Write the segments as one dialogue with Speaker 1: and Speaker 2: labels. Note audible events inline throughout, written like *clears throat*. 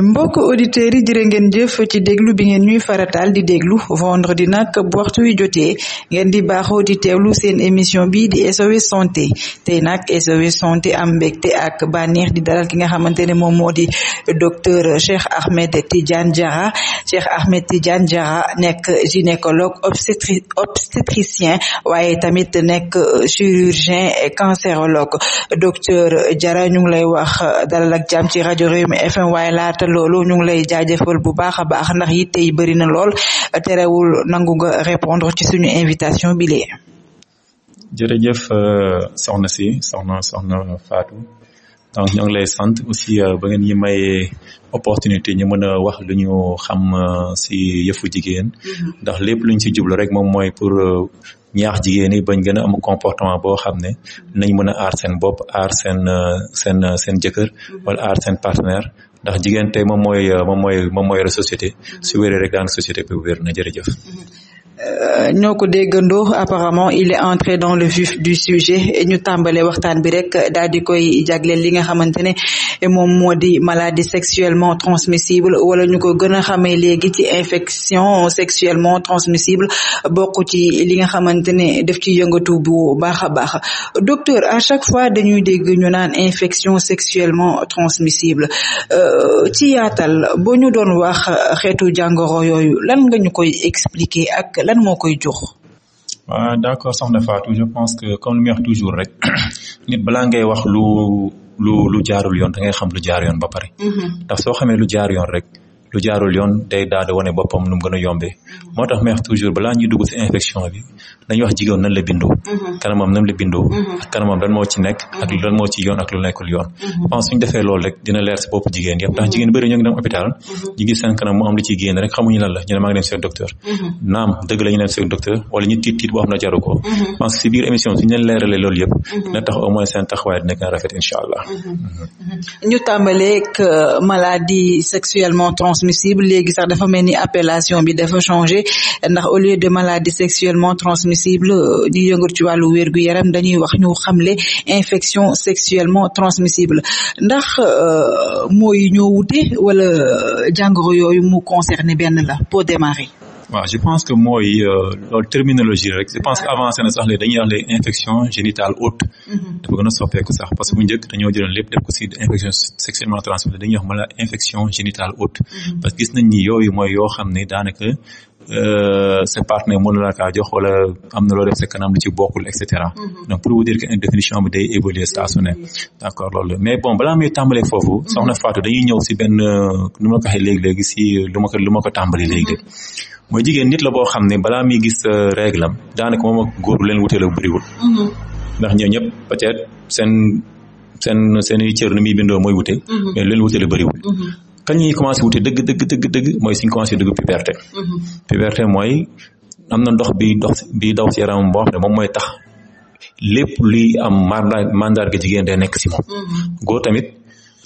Speaker 1: mbokk auditeurs yi jërë ngeen jëf ci déglu bi ngeen ñuy farataal di déglu vendredi nag bu waxtu wi jotee ngeen di baaxoo di teewlu seen émission bi di SOS santé tey nag SOS santé am mbégte ak bànneex di dalal ki nga xamante ne moom moo di docteur Cheikh Ahmed Tidiane Diarra Cheikh Ahmed Tidiane Diarra nekk gynécologue obstétric obstétricien waaye tamit nekk chirurgien cancérologue docteur Diarra ñu ngi lay wax dalal ak jàmm ci rajo Rewmi FM waaye laata laata loolu ñu ngi lay jaajëfal bu baax a baax ndax yitte yi bëri na lool terewul nangu nga répondre ci suñu invitation bi lee
Speaker 2: jërëjëf euh, soxna si soxna soxna faatu donc ñoo ngi lay sant aussi euh, ba ngeen ñi mayee opportunité ñu mën a wax lu ñu xam euh, si yëfu jigéen mm-hmm. ndax lépp luñ si jublu rek moom mooy pour ñaax jigéen yi bañ gën a am comportement boo xam ne nañ mën a aar seen bopp aar seen seen seen jëkkër mm-hmm. wala aar seen partenaire ndax jigéen tey moom mooy moom mooy moom mooy yore société mm-hmm. su wéree rek daan société bi wér na jërëjëf. Mm-hmm.
Speaker 1: Euh, ñoo ko déggandoo apparemment il est entré dans le vif du sujet ñu tàmbale waxtaan bi rek daal di koy jagleel li nga xamante ne moom moo di maladie sexuellement transmissible wala ñu ko gën a xamee léegi ci infection sexuellement transmissible bokk ci li nga xamante ne def ci yëngatu bu baax a baax docteur à chaque fois dañuy dégg ñu naan infection sexuellement transmissible euh, ci yaatal boo ñu doon wax xeetu jàngoro yooyu lan nga ñu koy expliquer lan moo koy jox. waaw ah, d'accord soxna Fatou je pense que comme li muy wax toujours rek *clears throat*
Speaker 2: nit balaa ngay wax lu lu lu jaarul yoon da ngay xam lu jaar yoon ba pare. Mhm. ndax soo xame lu jaar yoon rek. lu jaarul yoon day daal di wane boppam nu mu gën a moo tax may toujours balaa ñuy si infection bi dañuy wax jigéen nan la bindoo mm-hmm. kanamam nan la bindoo mm-hmm. ak kanamam nekk mm-hmm. ak lu nekkul yoon pense suñu defee loolu rek dina leer si bopp jigéen yëpp ndax jigéen bëri ñoo ngi dem hôpital seen docteur naam dëgg la ñu seen docteur wala ñu tiit tiit boo xam ne jaru ko si biir émission suñu leen leeralee loolu yëpp dina tax au moins seen taxawaay dina
Speaker 1: gën transmissible léegi sax dafa mel ni appellation bi dafa changé ndax au lieu de maladie sexuellement transmissible ñu euh, yëngat ci wàllu wér yaram dañuy wax ñu xamle infection sexuellement transmissible ndax euh, moy ñoo wute wala euh, jàngoro yooyu mu concerné benn la pour démarrer
Speaker 2: waaw je pense que mooy euh, loolu terminologie rek je pense que avancé na sax léegi dañuy wax léegi infection génitale haute. Mm-hmm. dafa gën a soppeeku sax parce que bu njëkk dañoo jëloon lépp def ko si infection sexuellement transmissible dañuy wax mala infection génitale haute. Mm-hmm. parce que gis nañ ni yooyu mooy yoo xam ne daanaka euh, sa partenaire mën na la kaa jox wala am na loo def sa kanam ci bokkul et cetera. Mm-hmm. donc pour vous dire que définition bi day évoluer saa su ne. d' accord loolu mais bon balaa muy tàmbalee foofu. soxna Fatou ñëw si benn euh, nu ma ko léegi léegi si lu ma lu ma ko tàmbalee léegi. mooy jigéen nit la boo xam ne balaa muy gis euh, règle am daanaka moom ak góor leen wutee la bëriwul mm-hmm. ndax ñoo ñëpp peut-être seen seen seen i cër ni muy bindoo mooy wute mm-hmm. mais leen wutee la bëriwul mm-hmm. kañ ñuy commencé wute dëgg dëgg dëgg dëgg mooy suñ commencé dugg puberté puberté mooy am na ndox bi dox bi daw si yaram boo xam ne moom mooy tax lépp luy am mandaar mandaar ga jigéen day nekk si moom góor tamit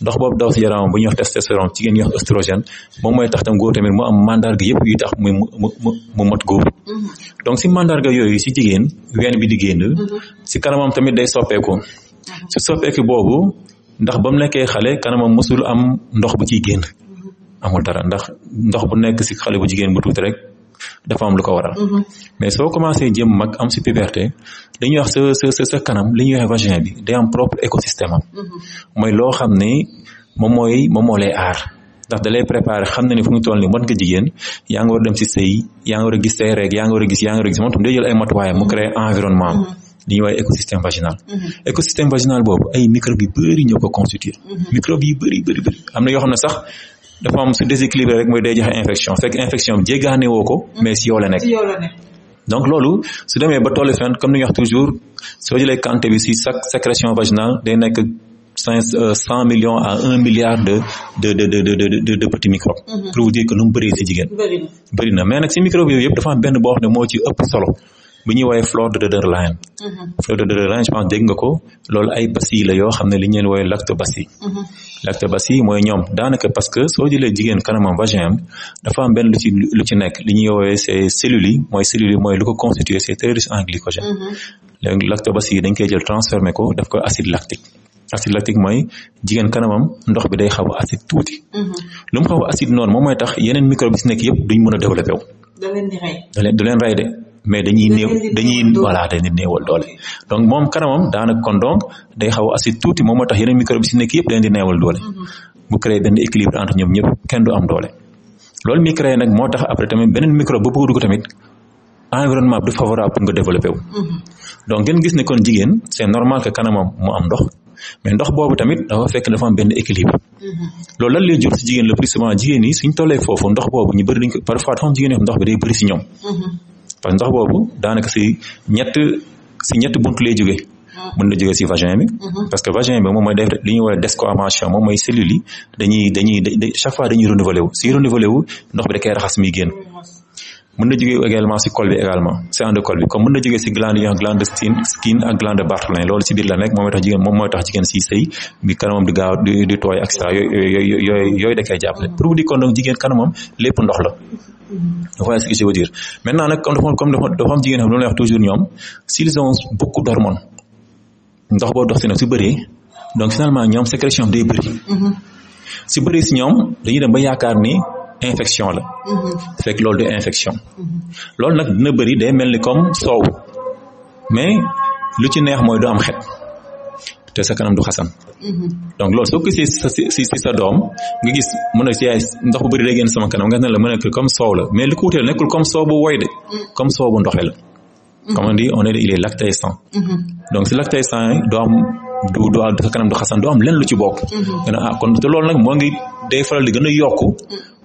Speaker 2: ndox boobu daw si yaramam bu ñuy wax testostérone jigéen ñuy wax oestrogène moom mooy tax tam góor tamit mu am mandarga yëpp yuy tax muy mu mu mu mat góor mm-hmm. donc si mandarga yooyu si jigéen ween bi di génn mm-hmm. si kanamam tamit day soppeeku mm-hmm. si soppeeku boobu ndax ba nekkee xale kanamam mosul am ndox bu ciy génn amul dara ndax ndox bu nekk si xale bu jigéen bu tuuti rek dafa am lu ko waral. Mm-hmm. mais soo commencé jëm mag am si puberté li ñuy wax sa sa sa kanam li ñuy wax vagin bi day am propre écosystème mm-hmm. mooy loo xam ne moom mooy moom moo lay aar. ndax da lay xam na ni fu mu toll ni mot nga jigéen yaa ngi war dem si sëy yaa ngi war a gis say règles yaa ngi war a gis yaa ngi war a gis moom tam day jël ay matuwaayam mu créé environnement am. Mm-hmm. li ñuy wax écosystème vaginal. écosystème vaginal boobu ay microbes yu bëri ñoo ko constitué. microbes na yoo xam ne dafa am su déséquilibré rek mooy day joxe infection fekk infection bi jéggaane woo ko mais si yow la nekk donc loolu su demee ba tollu fenn comme ni ñu toujours soo jëlee quantité bi si chaque sécrétion vaginale day nekk cinq euh, cent millions à un milliard de de de de de de de petits microbes. Mm-hmm. pour vous dire que nu mu bëree si jigéen. bëri na mais nag si microbe yooyu yëpp dafa benn boo xam ne moo ci ëpp solo. bu ñuy woowee fleur de Döderlein mhm. fleur de Döderlein je pense nga ko loolu ay basi la yoo xam ne li ñu leen woowee lactobacille mhm. lactobacille mooy ñoom daanaka parce que soo jëlee jigéen kanamam vagin am dafa am benn lu ci lu ci nekk li ñuy woowee c'est cellules yi mooy cellules mooy lu ko constitué c'est très riche en glycogène mhm. léegi lactobacille dañ koy jël transformé ko daf ko acide lactique acide lactique mooy jigéen kanamam ndox bi day xaw a acide tuuti lu mu xaw acide noonu moom mooy tax yeneen microbe bi yëpp duñ mën a développé wu
Speaker 1: da leen
Speaker 2: leen rey de mais dañuy néew dañuy voilà dañuy néewal doole donc moom kanamam daanaka kon donc day xaw a tuuti moom moo tax yeneen microbe bi si nekk yëpp dañ di néewal doole mhm. bu créé benn équilibre entre ñoom ñëpp kenn du am doole loolu mi créé nag moo tax après tamit beneen microbe bu bëgg dugg tamit environnement pour nga développer wu mhm. donc ngeen gis ne kon jigéen c'est normal que kanamam moo am ndox mais ndox boobu tamit dafa fekk dafa am benn équilibre mhm. loolu lan lay jur si jigéen le plus souvent jigéen yi suñ tollee foofu ndox boobu ñu bëri dañ ko parfois dafa am ndox bi day bëri si ñoom parce que ndox boobu daanaka si ñett si ñett buntu lay jóge hmm. mën na jóge si vagin bi hmm. parce que vagin bi moom mooy def a des woowee desquamation moom mooy cellules yi dañuy dañuy chaque fois dañuy renouveler wu si renouveler wu ndox bi da koy raxas muy génn hmm. mun na jógee également si col bi également si en de col bi comme mën na jógee si glande yi glande skin ak glande Bartholin loolu si biir la nekk moom mooy tax jigéen moom mooy si sëy bi kanamam lépp ndox la voilà ce que je veux dire maintenant nag comme dafa toujours ñoom s'ils ont beaucoup d'hormones ndox boo dox si nag su bëree donc finalement ñoom sécrétion day bëri mm-hmm. su bëree si ñoom dañuy dem ba yaakaar ni infection la mm-hmm. fekk loolu du infection loolu nag dina bëri day mel ni comme soow mais lu ci neex mooy du am xet te sa kanam du xasan
Speaker 3: mm-hmm.
Speaker 2: donc loolu soo ko si si si sa doom nga gis mën a ndox bu bëri day sama kanam nga ne la mën a comme soow la mais li ko wutee nekkul comme soow bu woy de mm-hmm. comme soow bu ndoxe la comme on on est il est lactaisant donc si lactaisant yi doo am du du sa kanam du xasan doom am lu ci bokk nga ah, kon te loolu nag moo ngi day faral di gën a yokku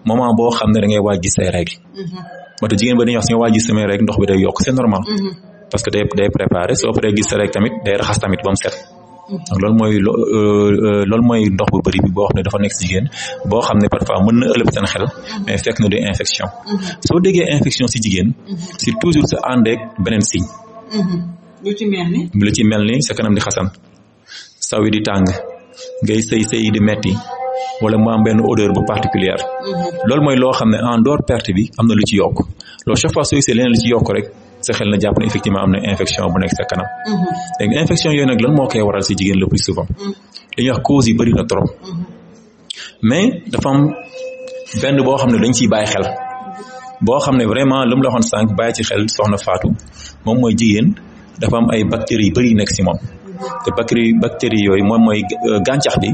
Speaker 2: moment boo xam ne da ngay waaj gis say règle moo mm-hmm. tax jigéen ba dañuy wax su nga waaj gis samay règle ndox bi day yokk c'est normal mm-hmm. parce que day day préparé soo paree gis sa règle tamit day raxas tamit ba mu set mm-hmm. donc loolu mooy euh, euh, loolu mooy ndox bu bëri bi boo xam ne dafa nekk si jigéen boo xam ne parfois mën na ëllëg seen xel mais fekk na du infection soo déggee infection si jigéen c'est toujours sa àndeek beneen signe
Speaker 1: lu ci
Speaker 2: mel ni lu sa kanam di xasan saw yi di tàng ngay sëy sëy di metti wala mu am benn odeur bu particulière
Speaker 3: mhm. loolu
Speaker 2: mooy loo xam ne en dehors perte bi am na lu ci yokk lool chaque fois soo gisee leneen lu ci yokk rek sa xel na jàpp ne effectivement am na infection bu nekk sa kanam mhm. léegi infection yooyu nag lan moo koy waral sa jigéen le plus souvent li mhm. ñuy wax cause yi bari na trop mais dafa am benn boo xam ne dañ ciy bàyyi xel boo xam ne vraiment lu mu la waxoon sànq bàyyi ci xel soxna faatu moom mooy jigéen dafa am ay bactéries yu bëri yu nekk si moom te bactéries bactéries yooyu moom mooy euh, gàncax bi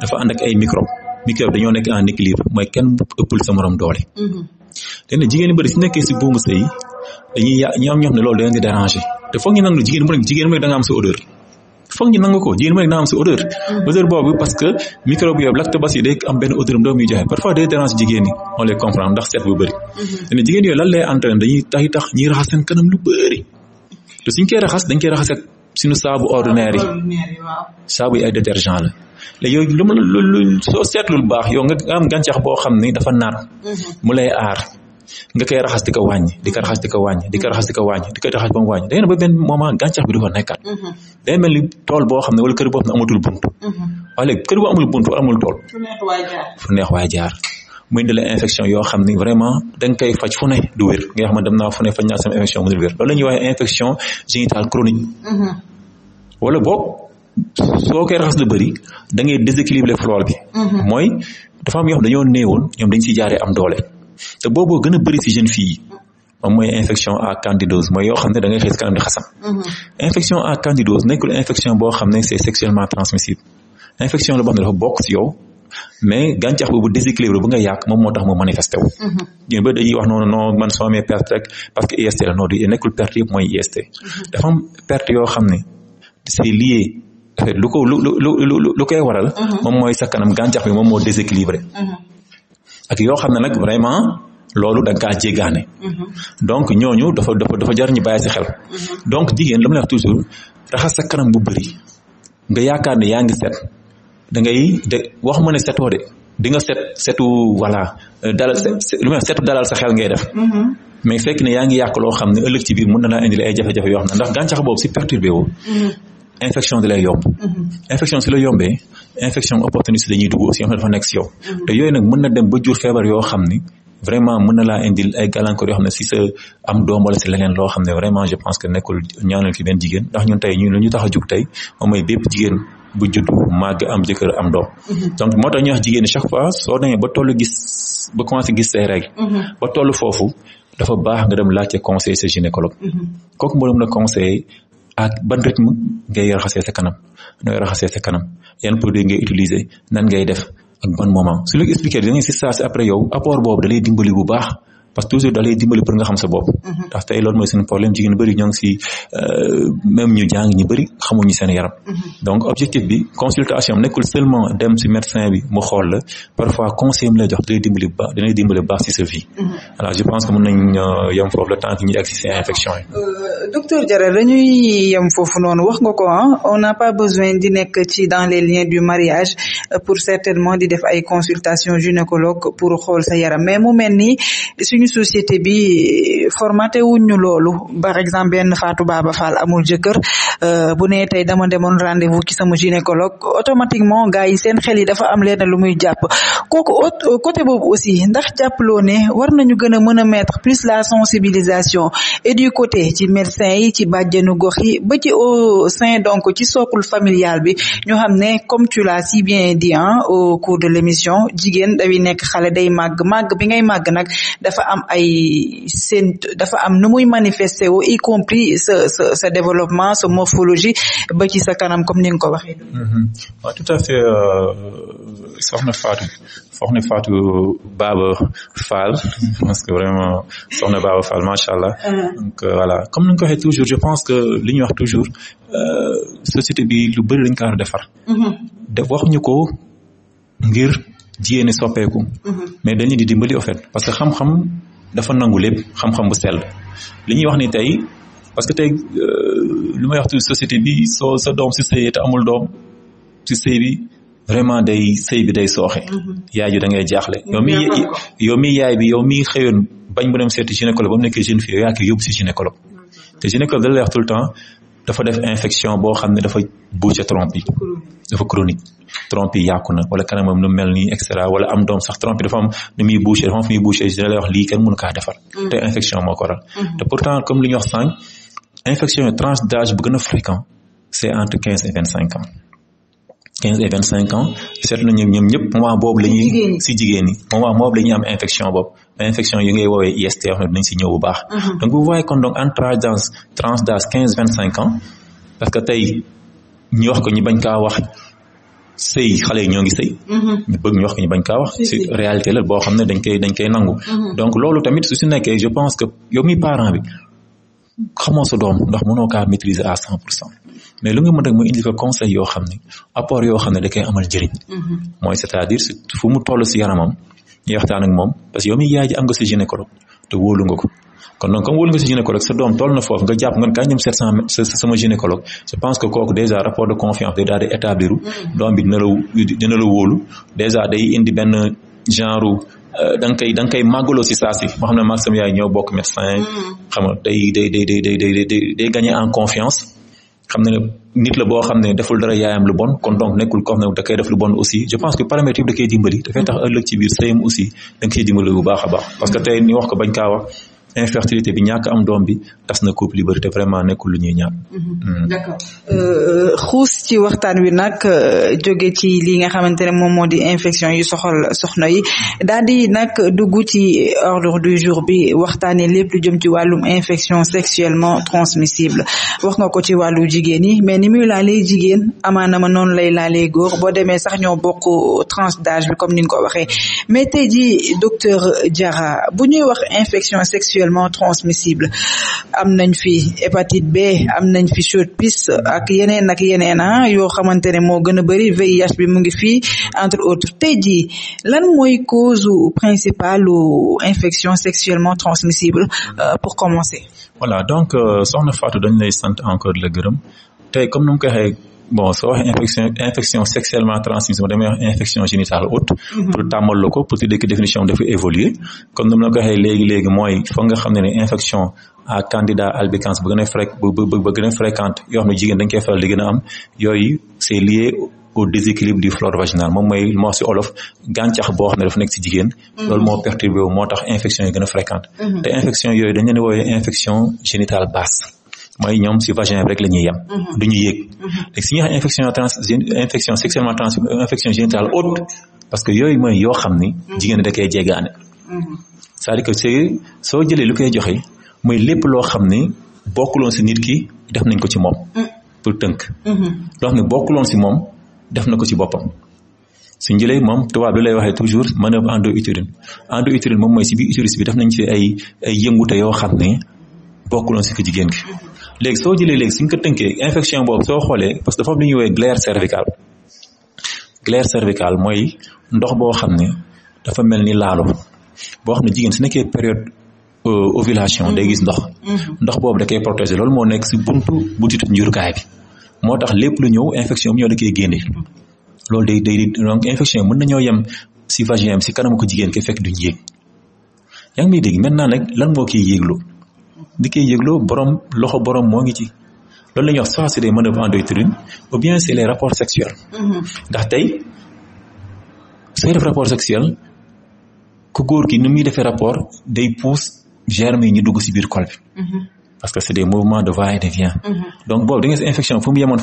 Speaker 2: dafa ànd ay microbes microbe dañoo nekk en équilibre mooy kenn ëppul sa morom doole.
Speaker 3: léegi mhm.
Speaker 2: nag jigéen yu bëri nekkee si buumu sëy dañuy ñoo xam ne loolu da leen di déranger te foog ñu am sa jigéen bu nekk am sa odeur. Mhm. odeur boobu parce que microbe yooyu lactobacille day am benn odeur doo muy joxe parfois day déranger jigéen ñi on les comprend ndax seet bu bëri. léegi tax tax ñuy raxas seen kanam raxas dañ koy raxas ak suñu saabu ordinaire yi saabu yi ay détergent la léegi yow lu ma lu soo seetlul baax yow nga am gàncax boo xam ni dafa nar
Speaker 3: mm-hmm.
Speaker 2: mu lay aar nga koy raxas di ko wàññi di ko raxas di ko wàññi di ko raxas di ko wàññi di ko raxas ba mu wàññi da ngeen ba benn moment gàncax bi dafa nekkat mm-hmm. day mel ni tool boo xam ne wala kër boo xam ne amatul bunt mm-hmm. waaye léegi kër boo amul bunt amul tool fu neex waay jaar muy indi la infection yoo xam ni vraiment da nga koy faj fu ne du wér nga xam ne dem naa fu ne faj naa sama infection mu dul wér loolu la ñuy waxee infection génitale chronique wala boog soo koy raxas lu bëri da ngay déséquilibrer flore bi. Mhm. mooy dafa am yoo xam dañoo néewoon ñoom dañ si jaaree am doole te booboo gën a bëri si jeune fille yi. moom mooy infection à candidose mooy yoo xam ne da ngay xees kanam di xasam. Mhm. infection boo xam ne c'est sexuellement transmissible infection la boo xam ne dafa bokk si yow mais gàncax boobu déséquilibre bu nga yàq moom moo tax mu manifesté wu. Mhm. ñun ba dañuy wax noonu non man soo amee perte rek parce que IST la nekkul perte yoo xam ne c'est lié lu ko lu lu lu lu koy waral. Mhm. moom mooy sa kanam gàncax bi moom moo déséquilibré. Mhm. ak yoo xam ne nag vraiment loolu da nga kaa jéggaane. Mhm. donc ñooñu dafa dafa dafa jar ñu bàyyi xel. donc jigéen la ma wax toujours raxas sa kanam bu bëri nga yaakaar ne yaa ngi set da ngay de wax ma ne setoo de di nga set setu voilà euh, dalal lu ma dalal sa xel ngay def. mais fekk ne yaa ngi yàq loo xam ne ëllëg ci biir mën na laa indil ay jafe-jafe yoo xam ne ndax gàncax boobu si perturbé wu. infection di lay yomb mhm. infection si la yombee infection opportuniste dañuy dugg aussi yoo xam dafa nekk si yow mhm. te yooyu nag mën na dem ba jur feebar yoo xam ni vraiment mën na laa indil ay gàllankoor yoo xam ne si sa am doom wala si leneen loo xam ne vraiment je pense que nekkul ñaanal ci benn jigéen ndax ñun tey ñun lu ñu tax a jug tey moom mooy bépp jigéen bu judd màgg am jëkkër am doom mhm. donc moo tax ñuy jigéen chaque fois soo demee ba toll gis ba commencé gis say règles ba toll foofu dafa baax nga dem laajte conseil sa gynécologue kooku moo la ak ban rythme ngay raxasee sa kanam nooy raxasee sa kanam yan produit ngay utiliser nan ngay def ak ban moment su la expliqué da ngay si saa après yow apport boobu da lay bu baax. parce que toujours da lay dimbali pour nga xam sa bopp mhm. ndax tey loolu mooy suñu problème jigéen bëri ñoo si euh, même ñu jàng ñu bëri xamuñu seen yaram mhm. donc objectif bi consultation nekkul seulement dem si médecin bi mu xool la parfois conseil mu lay jox dalay dimbali bu baax dalay dimbali sa vie mhm. je pense que mën nañ euh, yem foofu le temps que ñuy infection yi
Speaker 1: euh, wax nga ko ah nekk ci dans les liens du mariage pour certainement di def ay consultation gynécologue pour xool sa yaram mais mu mel ni suñu société bi formaté wuñ ñu loolu par exemple benn Fatou Baba Fall amul jëkkër Euh, bu nee tey dama demoon rendez-vous ci sama gynécologue automatiquement gars yi seen xel yi dafa am leen lu muy jàpp kooku euh, côté boobu aussi ndax jàppaloo ne war nañu gën a mën a mettre plus la sensibilisation et du côté ci médecin yi ci bàjjenu gox yi ba ci au sein donc ci socle familial bi ñu xam ne comme tu l'as si bien dit hein au cours de l'émission jigéen dawi nekk xale day màgg màgg bi ngay màgg nag dafa am ay sen dafa am nu muy manifester wu y compris sa ce ce développement morphologie ba ci sa kanam comme ni nga ko waxee.
Speaker 2: Mhm. waaw tout à fait euh, soxna Fatou soxna Fatou Baba Fall je que vraiment soxna Baba Fall macha allah. Ah. donc euh, voilà comme ni nga ko toujours je pense que li ñu wax toujours euh, société bi lu bëri lañ ka war a defar. Mhm. de waxuñu ko ngir jiyéene soppeeku. Mhm. mais dañ di dimbali en fait parce que xam-xam dafa nangu lépp xam-xam bu sell li ñuy wax ni tey. parce que tey euh, lu may wax société bi soo sa doom si sëy te amul doom si sëy bi vraiment day sëy bi day sooxe. Mm-hmm. yaay ji da ngay jaaxle. Mm-hmm. yow mi yow mi yaay bi yow mi xëyoon bañ bu dem seeti gynécologue ba mu nekkee jeune fille yow yaa ngi koy yóbbu si gynécologue mm-hmm. te gynécologue da lay wax tout temps dafa def infection boo xam ne dafa bouché trompe yi dafa chronique trompe yi yàqu na wala kanam nu mel nii et cetera wala am doom sax trompe yi dafa am nu muy bouché dafa am fu muy bouché dina lii kenn mënu kaa defar. te infection moo ko infection yi tranche d'âge bu gën a fréquent c'est entre quinze et vingt cinq ans quinze et vingt cinq ans seetlu nañu ñoom ñëpp moment boobu la ñuy si jigéen ñi moment boobu la ñuy am infection boobu infection yi ngay woowee IST wax na si ñëw bu baax uh-huh. donc vous voyez kon donc entre tranche d'âge tranche d'âge quinze vingt cinq ans parce que tey ñu wax ko ñu bañ kaa wax sëy xale yi ñoo ngi sëy uh-huh. ñu bëgg ñu wax ko ñu bañ kaa wax si réalité la boo xam ne dañ koy dañ koy nangu uh-huh. donc loolu tamit su si nekkee je pense que yow parent bi xamoo sa doom ndax mënoo kaa maîtriser mais lu nga mën rek mooy indi ko conseil yoo xam ne apport yoo xam ne da koy amal njëriñ mm-hmm. mooy c'est-à-dire fu mu toll si yaramam ñu waxtaan moom parce que yow mi yaay ji gynécologue te wóolu nga ko kon donc comme wóolu nga sa gynécologue sa doom toll na foofu nga jàpp nga kañ dem sama gynécologue je pense que kooku déjà rapport de confiance day daal établir mm-hmm. doom bi dina la dina déjà day indi genre Euh, da nga koy da nga si saa si moo xam ne maag sama yaay ñëw bokk médecin mm. xam nga day day day day day day day day gagné en confiance xam ne nit la boo xam ne deful dara yaayam lu bon kon donc nekkul koo da koy def lu bon aussi je pense que paramètre yëpp da koy dimbali dafay tax ëllëg ci biir sëyam aussi da dimbali bu baax a baax parce que te ni wax ko bañ kaa infertilité bi ñàkk am doom bi tas na couple yu bëri te vraiment nekkul lu ñuy ñaan. Mhm.
Speaker 1: Mm. d'accord euh, xuus ci waxtaan wi nag euh, jóge ci li nga xamante ne moom moo di infection yi soxal soxna yi daal di nag dugg ci ordre du jour bi waxtaanee lépp lu jëm ci wàllum infection sexuellement transmissible wax nga ko ci wàllu jigéen yi mais ni muy la laalee jigéen amaana ma noonu lay laalee góor boo demee sax ñoo bokk tranche d'âge bi comme ni nga ko waxee mais tey jii docteur Diarra bu ñuy wax infection sexuellement transmissible am nañ fi hépatite B am nañ fi chaude pisse ak yeneen ak yeneen ah yoo xamante ne moo gën a bëri VIH bi mu ngi fii entre autres tey jii lan mooy cause principale ou infection sexuellement transmissible euh, pour commencer. voilà donc
Speaker 2: euh, soxna Fatou dañ lay sant encore la gërëm tey comme nu mu bon soo waxee infection infection sexuellement transmise ma damay wax infection génitale haute mhm. pour tàmmal la ko pour te dëkk définition bi dafa évoluer comme ni la ko waxee léegi mooy foog nga xam ne infection a fréq ba gën a fréquente yoo xam ne moo si boo xam ne dafa nekk si jigéen mhm. loolu moo perturbé wu moo tax infection yi gën a fréquente mhm. te infection yooyu dañ leen wooyee infection génitale basse mooy ñoom si vagin bi rek la ñuy yem. Mhm. du ñu yéeg. Mhm. léegi si ñuy wax infection trans infection sexuellement transmissible parce que yooyu mooy yoo xam ni. Mhm. jigéen da koy jéggaane. cest à que c'est soo jëlee lu koy joxe mooy lépp loo xam ni bokkuloon si nit ki def nañ ko ci moom. pour tënk. loo xam ne bokkuloon si moom def na ko ci boppam. suñ jëlee moom tubaab lay waxee toujours manœuvre endo-utérine endo-utérine moom mooy si biir utérus bi def nañ ci ay ay yëngute yoo xam ne bokkuloon si ko jigéen gi. léegi soo jëlee léegi suñ ko tënkee infection boobu soo xoolee parce que dafa am lu ñuy glaire cervicale glaire cervicale mooy ndox boo xam ne dafa mel ni laalo boo xam ne jigéen si nekkee période euh, ovulation day gis ndox
Speaker 3: mm-hmm.
Speaker 2: ndox boobu da koy protéger loolu moo nekk si buntu butitu njurukaay bi moo tax lépp lu ñëw infection bu ñëw da koy génne loolu day day donc infection yi mën nañoo yem si vagin si kanamu ko jigéen ke fekk duñ yéeg yaa ngi may dégg nag lan moo koy yéeglu di koy yëgloo borom loxo borom moo ngi ci loolu la ñuy wax soit c'est des manœuvres endocrines ou bien se les rapports sexuels. Mm-hmm. ndax tey sooy def rapport sexuel ku góor ki ni muy defee rapport day pousse germes yi ñu dugg si biir col bi. Mm-hmm. parce que c'est des de va et de vient. Mm-hmm. donc boobu da si infection fu mu yemoon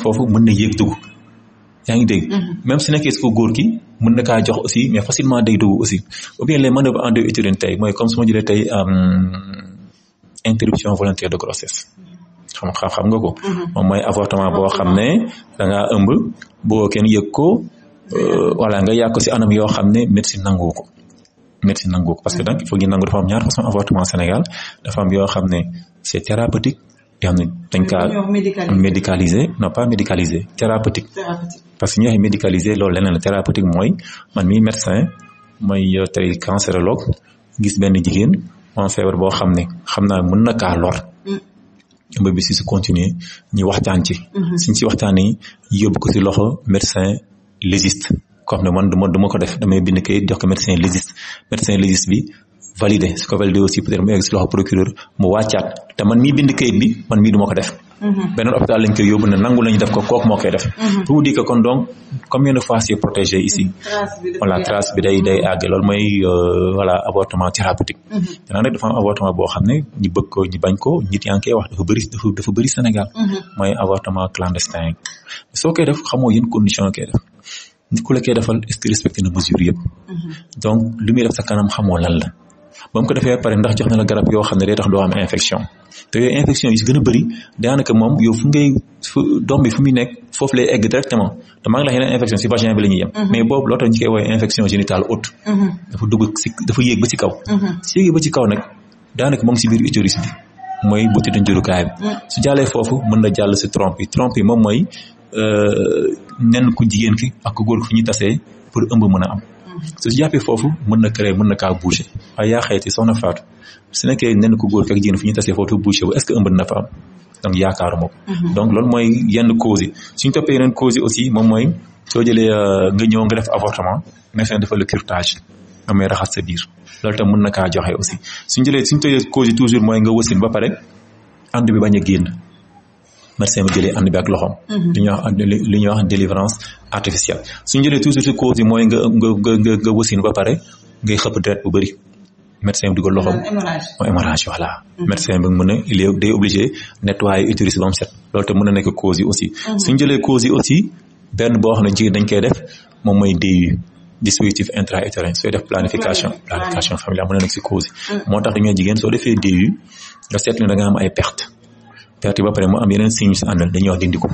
Speaker 2: ngi dégg même su nekkee ko ki mën na ka jox aussi mais facilement day dugg aussi ou bien les manœuvres endoutérines tey mooy comme su ma jëlee tey euh, interruption volontaire de grossesse xam xam xam nga ko. Mhm. moom mooy avortement boo xam ne da ngaa ëmb boo kenn yëg ko wala euh, nga yàq si anam yoo xam ne médecine nangu ko médecine nangu parce que mhm. nag il faut ñu nangu dafa am ñaar Sénégal dafa am yoo xam ne c'est thérapeutique yoo xam ne dañ kaa médicalisé non pas médicalisé thérapeutique. parce que ñu waxee médicalisé loolu leneen la thérapeutique mooy man mii médecin mooy tey cancérologue gis benn jigéen. moom feebar boo xam ne xam naa mën na kaa lor
Speaker 3: mm.
Speaker 2: ba bi si si continuer ñu waxtaan ci mm-hmm. suñ si waxtaanee yóbbu ko si loxo médecin légiste ko man ne ma duma duma ko def damay bind kayit jox ko médecin légiste médecin légiste bi validé su ko validé aussi peut-être mu egg si loxo procureur mu wàccaat te man mii bind kayit bi man mii duma ko def Mm-hmm. beneen hôpital lañ koy yóbbu ne nangu lañu def ko kook moo koy def pour vous dire que kon donc combien de fois c'est protégé ici
Speaker 3: voilà trace bi day day àgg
Speaker 2: loolu mooy euh, voilà avortement thérapeutique mm-hmm. danaa rek dafa am avortement boo xam ne ñu bëgg ko ñu bañ ko nit yaa ngi wax dafa bëri dafa bëri Sénégal mm-hmm. mooy avortement clandestin soo koy def xamoo yéen condition koy def nit ku defal est-ce que respecté na mesure yëpp donc li def sa kanam xamoo lan la ba mu ko defee pare ndax jox la garab yoo xam ne day tax doo am infection te yooyu infection yi si gën a bëri daanaka moom yow fu ngay fu doom bi fu muy nekk foofu lay egg directement te maa ngi la yeneen infection si vagin bi la ñuy yem mhm. mais boobu loo tax ñu koy woowee infection génitale haute mhm. dafa si dafa yéeg mhm. si kaw ci kaw nag daanaka moo si biir utérus bi mooy buti du njurukaay bi su jàllee foofu mën na jàll si trompe yi trompe yi moom mooy euh, nen ku jigéen ki ak ku góor ki fu ñuy tasee pour ëmb mën a am su jàppee foofu mën na créer mën na kaa bouché waaye yaa xayti soxna Fatou su nekkee nen ko góor fekk jigéen fu ñu tasee foofu bouché ba est-ce que ëmb na fa am donc yaakaaruma ko mhm. donc loolu mooy yenn cause yi suñu toppee yeneen cause yi aussi moom mooy soo jëlee euh, nga ñëw nga def avortement médecin dafa le curtage nga may raxas sa biir loolu tam mën na kaa joxe aussi suñ jëlee suñ toyee cause yi toujours mooy nga wasin ba pare ànd bi bañ a génn médecin bi jëlee ànd bi ak loxoom. Mhm. li ñuy wax li ñuy wax délivrance artificielle suñu jëlee toujours si cause yi mooy nga nga nga nga wasin ba pare ngay xëpp deret bu bëri. médecin bi dugal loxoom
Speaker 3: mooy hémorragie voilà mhm.
Speaker 2: médecin bi mën a il est day obligé nettoyer utérus ba mu set a nekk cause yi aussi mhm. suñ jëlee cause yi aussi benn boo xam ne jigéen dañ koy def moom mooy DU dispositif intra-utérin sooy def planification planification familiale mën a nekk si cause yi moo tax dañuy jigéen soo defee DU nga seetlu da am ay perte perte ba pare mu am yeneen signes yu si àndal dañuy wax dindi ko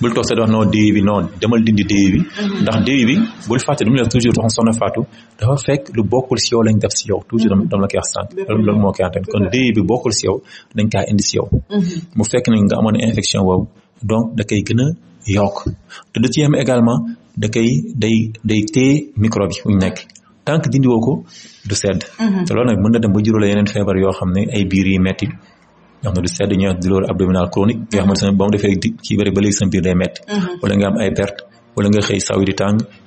Speaker 2: bul toog bi non demal dindi déwi bi mm-hmm. ndax déwi bi bul fàtte du fekk lu bokkul si lañ def si yow toujours dama la koy wax sànq mm-hmm. loolu moo dañ kaa indi si yow mm-hmm. mu fekk ne nga amoon infection boobu donc da koy gën a yokk te du ci yem également da koy day day téye microbe yi uñ nekk tant que dindi woo ko du sedd te loolu mën na dem ba juróla yeneen feebar yoo xam ne ay biir yi metti nga xam ne du sedd ñu di abdominal chronique nga defee di ba léegi sa biir day métti mm-hmm. wala nga am wala nga xëy saw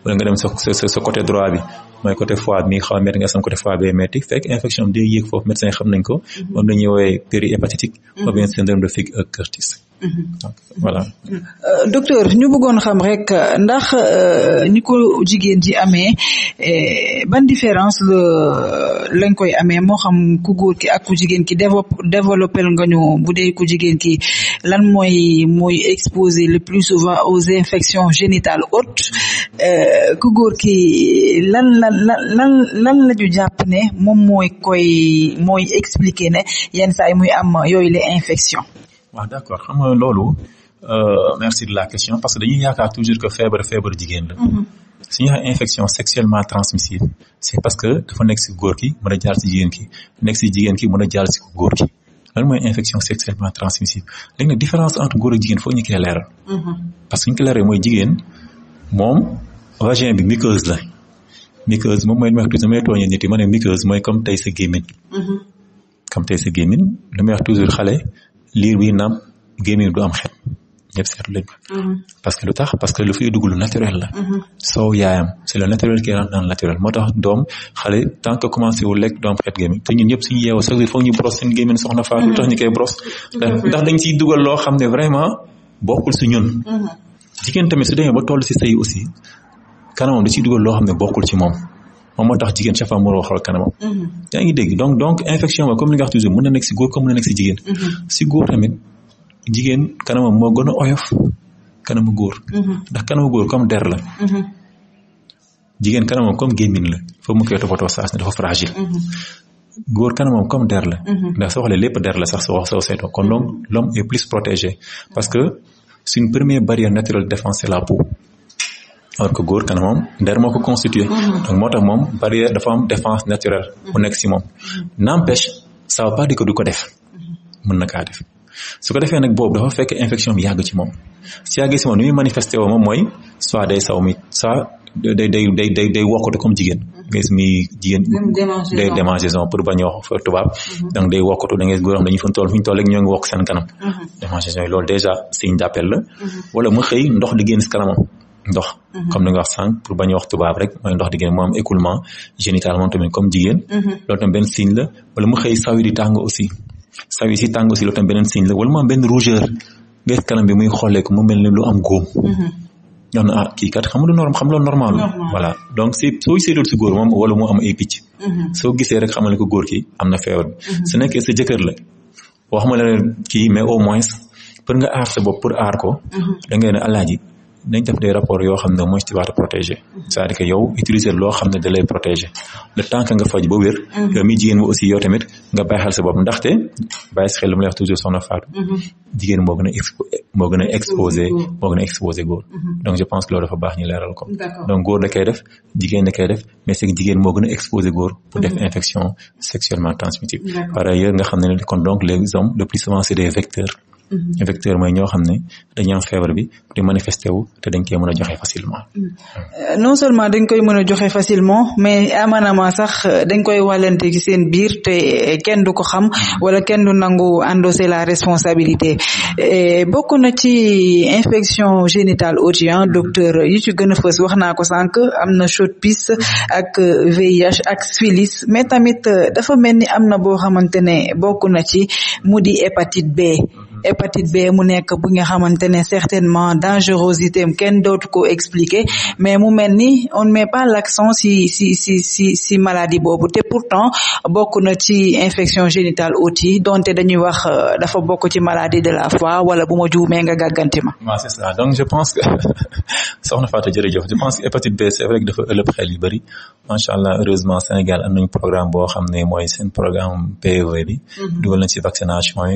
Speaker 2: wala nga dem sa sa sa côté droit bi mooy côté foie mi xaw a métti nga sam côté foie bay métti fekk infection bi day yéeg foofu médecin xam nañ ko mm-hmm. moom la ñuy woowee périhépatique mm-hmm. ou bien syndrome de Fick ak euh, Curtis
Speaker 1: Mm-hmm. voilà. Euh, docteur ñu bëggoon xam rek ndax euh, ni ko jigéen ji amee eh, ban différence la lañ koy amee moo xam ku góor ki ak ku jigéen ki développé développé nga ñu bu dee ku jigéen ki lan mooy mooy exposé le plus souvent aux infections génitales hautes euh, ku góor ki lan lan lan lan la ñu jàpp ne moom mooy koy mooy expliqué ne yen saay muy am yooyu les infections.
Speaker 2: waaw ah, d' accord xam nga loolu euh, merci de la question parce que dañuy yaakaar toujours que feebar feebar jigéen la. Mm-hmm. su ñu infection sexuellement transmissible c' parce que dafa nekk si góor ki mën a jaar si jigéen ki nekk si jigéen ki mën a jaar si góor ki lan mooy infection sexuellement transmissible léegi nag différence entre góor ak jigéen foog ñu koy leeral. Mm-hmm. parce que ñu ko mooy jigéen moom vagin bi muqueuse la muqueuse moom mooy li may wax toujours damay tooñee nit yi ma ne mooy comme tey sa gémmiñ. Mm-hmm. comme tey sa gémmiñ li toujours xale. liir bi naam gémmiñ du am xet ñëpp seetlu mhm. parce que lu tax parce que lu fiy dugg lu naturel la. Mhm. soow yaayam c'est le naturel qui rentre dans naturel moo tax doom xale tant que commencé wu lekk du am xet gémmiñ te ñun ñëpp suñu yeewoo chaque jour foog ñu brosse seen gémmiñ soxna Fatou lu mhm. tax ñu koy brosse. ndax dañ ciy dugal loo xam ne vraiment bokkul si ñun. jigéen tamit su demee ba toll si sëy aussi kanamam da ciy dugal loo xam ne bokkul ci moom. moom moo tax jigéen chaque fois mu war a ngi dégg donc donc infection ba comme li nga wax toujours mën nekk si góor comme mën na nekk si jigéen. Mm-hmm. si góor tamit jigéen kanamam moo gën oyof kanamu góor. Mm-hmm. ndax kanamu góor comme der la. Mm-hmm. jigéen kanamam comme gémmiñ la foofu mu koy toppatoo saa si dafa fragile. góor kanamam comme deer la. ndax soo xoolee lépp der la sax soo soo seetoo kon donc l'homme est plus protégé parce que suñ une première barrière naturelle de défense la peau. alors que góor kanam moom der moo ko constitué mm-hmm. donc moo tax moom barrière dafa am défense naturelle bu nekk si moom mm-hmm. n'empêche ça veut pas dire du ko def mm-hmm. mën na kaa def su ko defee nag boobu dafa fekk infection bi yàgg ci moom si yàgg si moom ni muy manifesté woo moom mooy soit day saw mi soit day day day day day comme jigéen nga gis muy jigéen day démangeaison pour bañ a wax fa tubaab donc day wokkatu da ngay góor xam dañuy fa tool fi ñu toll rek ñoo ngi wokk seen kanam démangeaison yi loolu déjà signe d'appel la wala mu xëy ndox di génn si ndox mm-hmm. comme ni nga wax sànq pour bañ a wax tubaab rek mooy ndox di génn moo am écoulement génital moom tamit comme jigéen mm-hmm. loolu tamit benn signe la wala mu xëy saw yi di aussi saw si tàng aussi loolu tamit beneen signe la wala mu am benn rougeur nga gis kanam bi muy xoolee ko mu mel ne lu am góom mm-hmm. ñoo na ah kii kat xam lu norm xam loolu normal voilà donc si soo seetlu si góor moom wala mu am ay picc soo gisee rek xamal ne ko góor ki am na feebar bi su nekkee sa jëkkër la wax ma la kii mais au moins pour nga aar sa bopp pour aar ko da ngay ne alaaji nañ def des rapports yoo xam ne mooy tu vas te protéger cest à yow utiliser loo xam ne da lay protéger le temps que nga faj ba wér mm-hmm. yow mi jigéen bi aussi yow tamit nga bàyyi xel sa bopp ndaxte bàyyi si xel lu ma lay wax toujours mm-hmm. jigéen moo gën moo gën a exposé moo gën a exposé góor mm-hmm. donc je pense que loolu baax ñu leeral ko donc góor da koy def da koy def mais jigéen moo gën a exposé góor infection sexuellement transmissible par ailleurs xam ne kon donc les hommes le plus souvent c'est des Mm-hmm. vecteur mooy ñoo xam ne dañuy am feebar bi di wu te dañ koy mën a joxe facilement.
Speaker 1: Mm-hmm. Euh, non seulement dañ koy mën a joxe facilement mais amaanaama sax euh, dañ koy wàllante ci seen biir te euh, kenn du ko xam mm-hmm. wala kenn du nangu endosser la responsabilité bokk na ci infection génitale haute docteur yi ci gën a fës wax naa ko sànq am na chaude-pisse ak VIH ak syphilis mais tamit dafa mel ni am na boo xamante ne bokk na ci mu di hépatite B. hépatite B mu nekk bu nga xamante ne certainement dangerosité am kenn dootu ko expliquer mais mu mel ni on ne met pas l'accent si si si si si maladie boobu te pourtant bokk na ci infection génitale haute yi donte dañuy wax euh, dafa bokk ci maladie de la foie wala bu ma juumee nga gàgganti ma.
Speaker 2: waaw c'est ça donc je pense *laughs* soxna Fatou jërëjëf je pense que hépatite B c'est vrai que dafa ëllëg xel yu bëri macha allah heureusement Sénégal am nañu programme boo xam ne mooy seen programme PEV bi. Mm-hmm. dugal nañ ci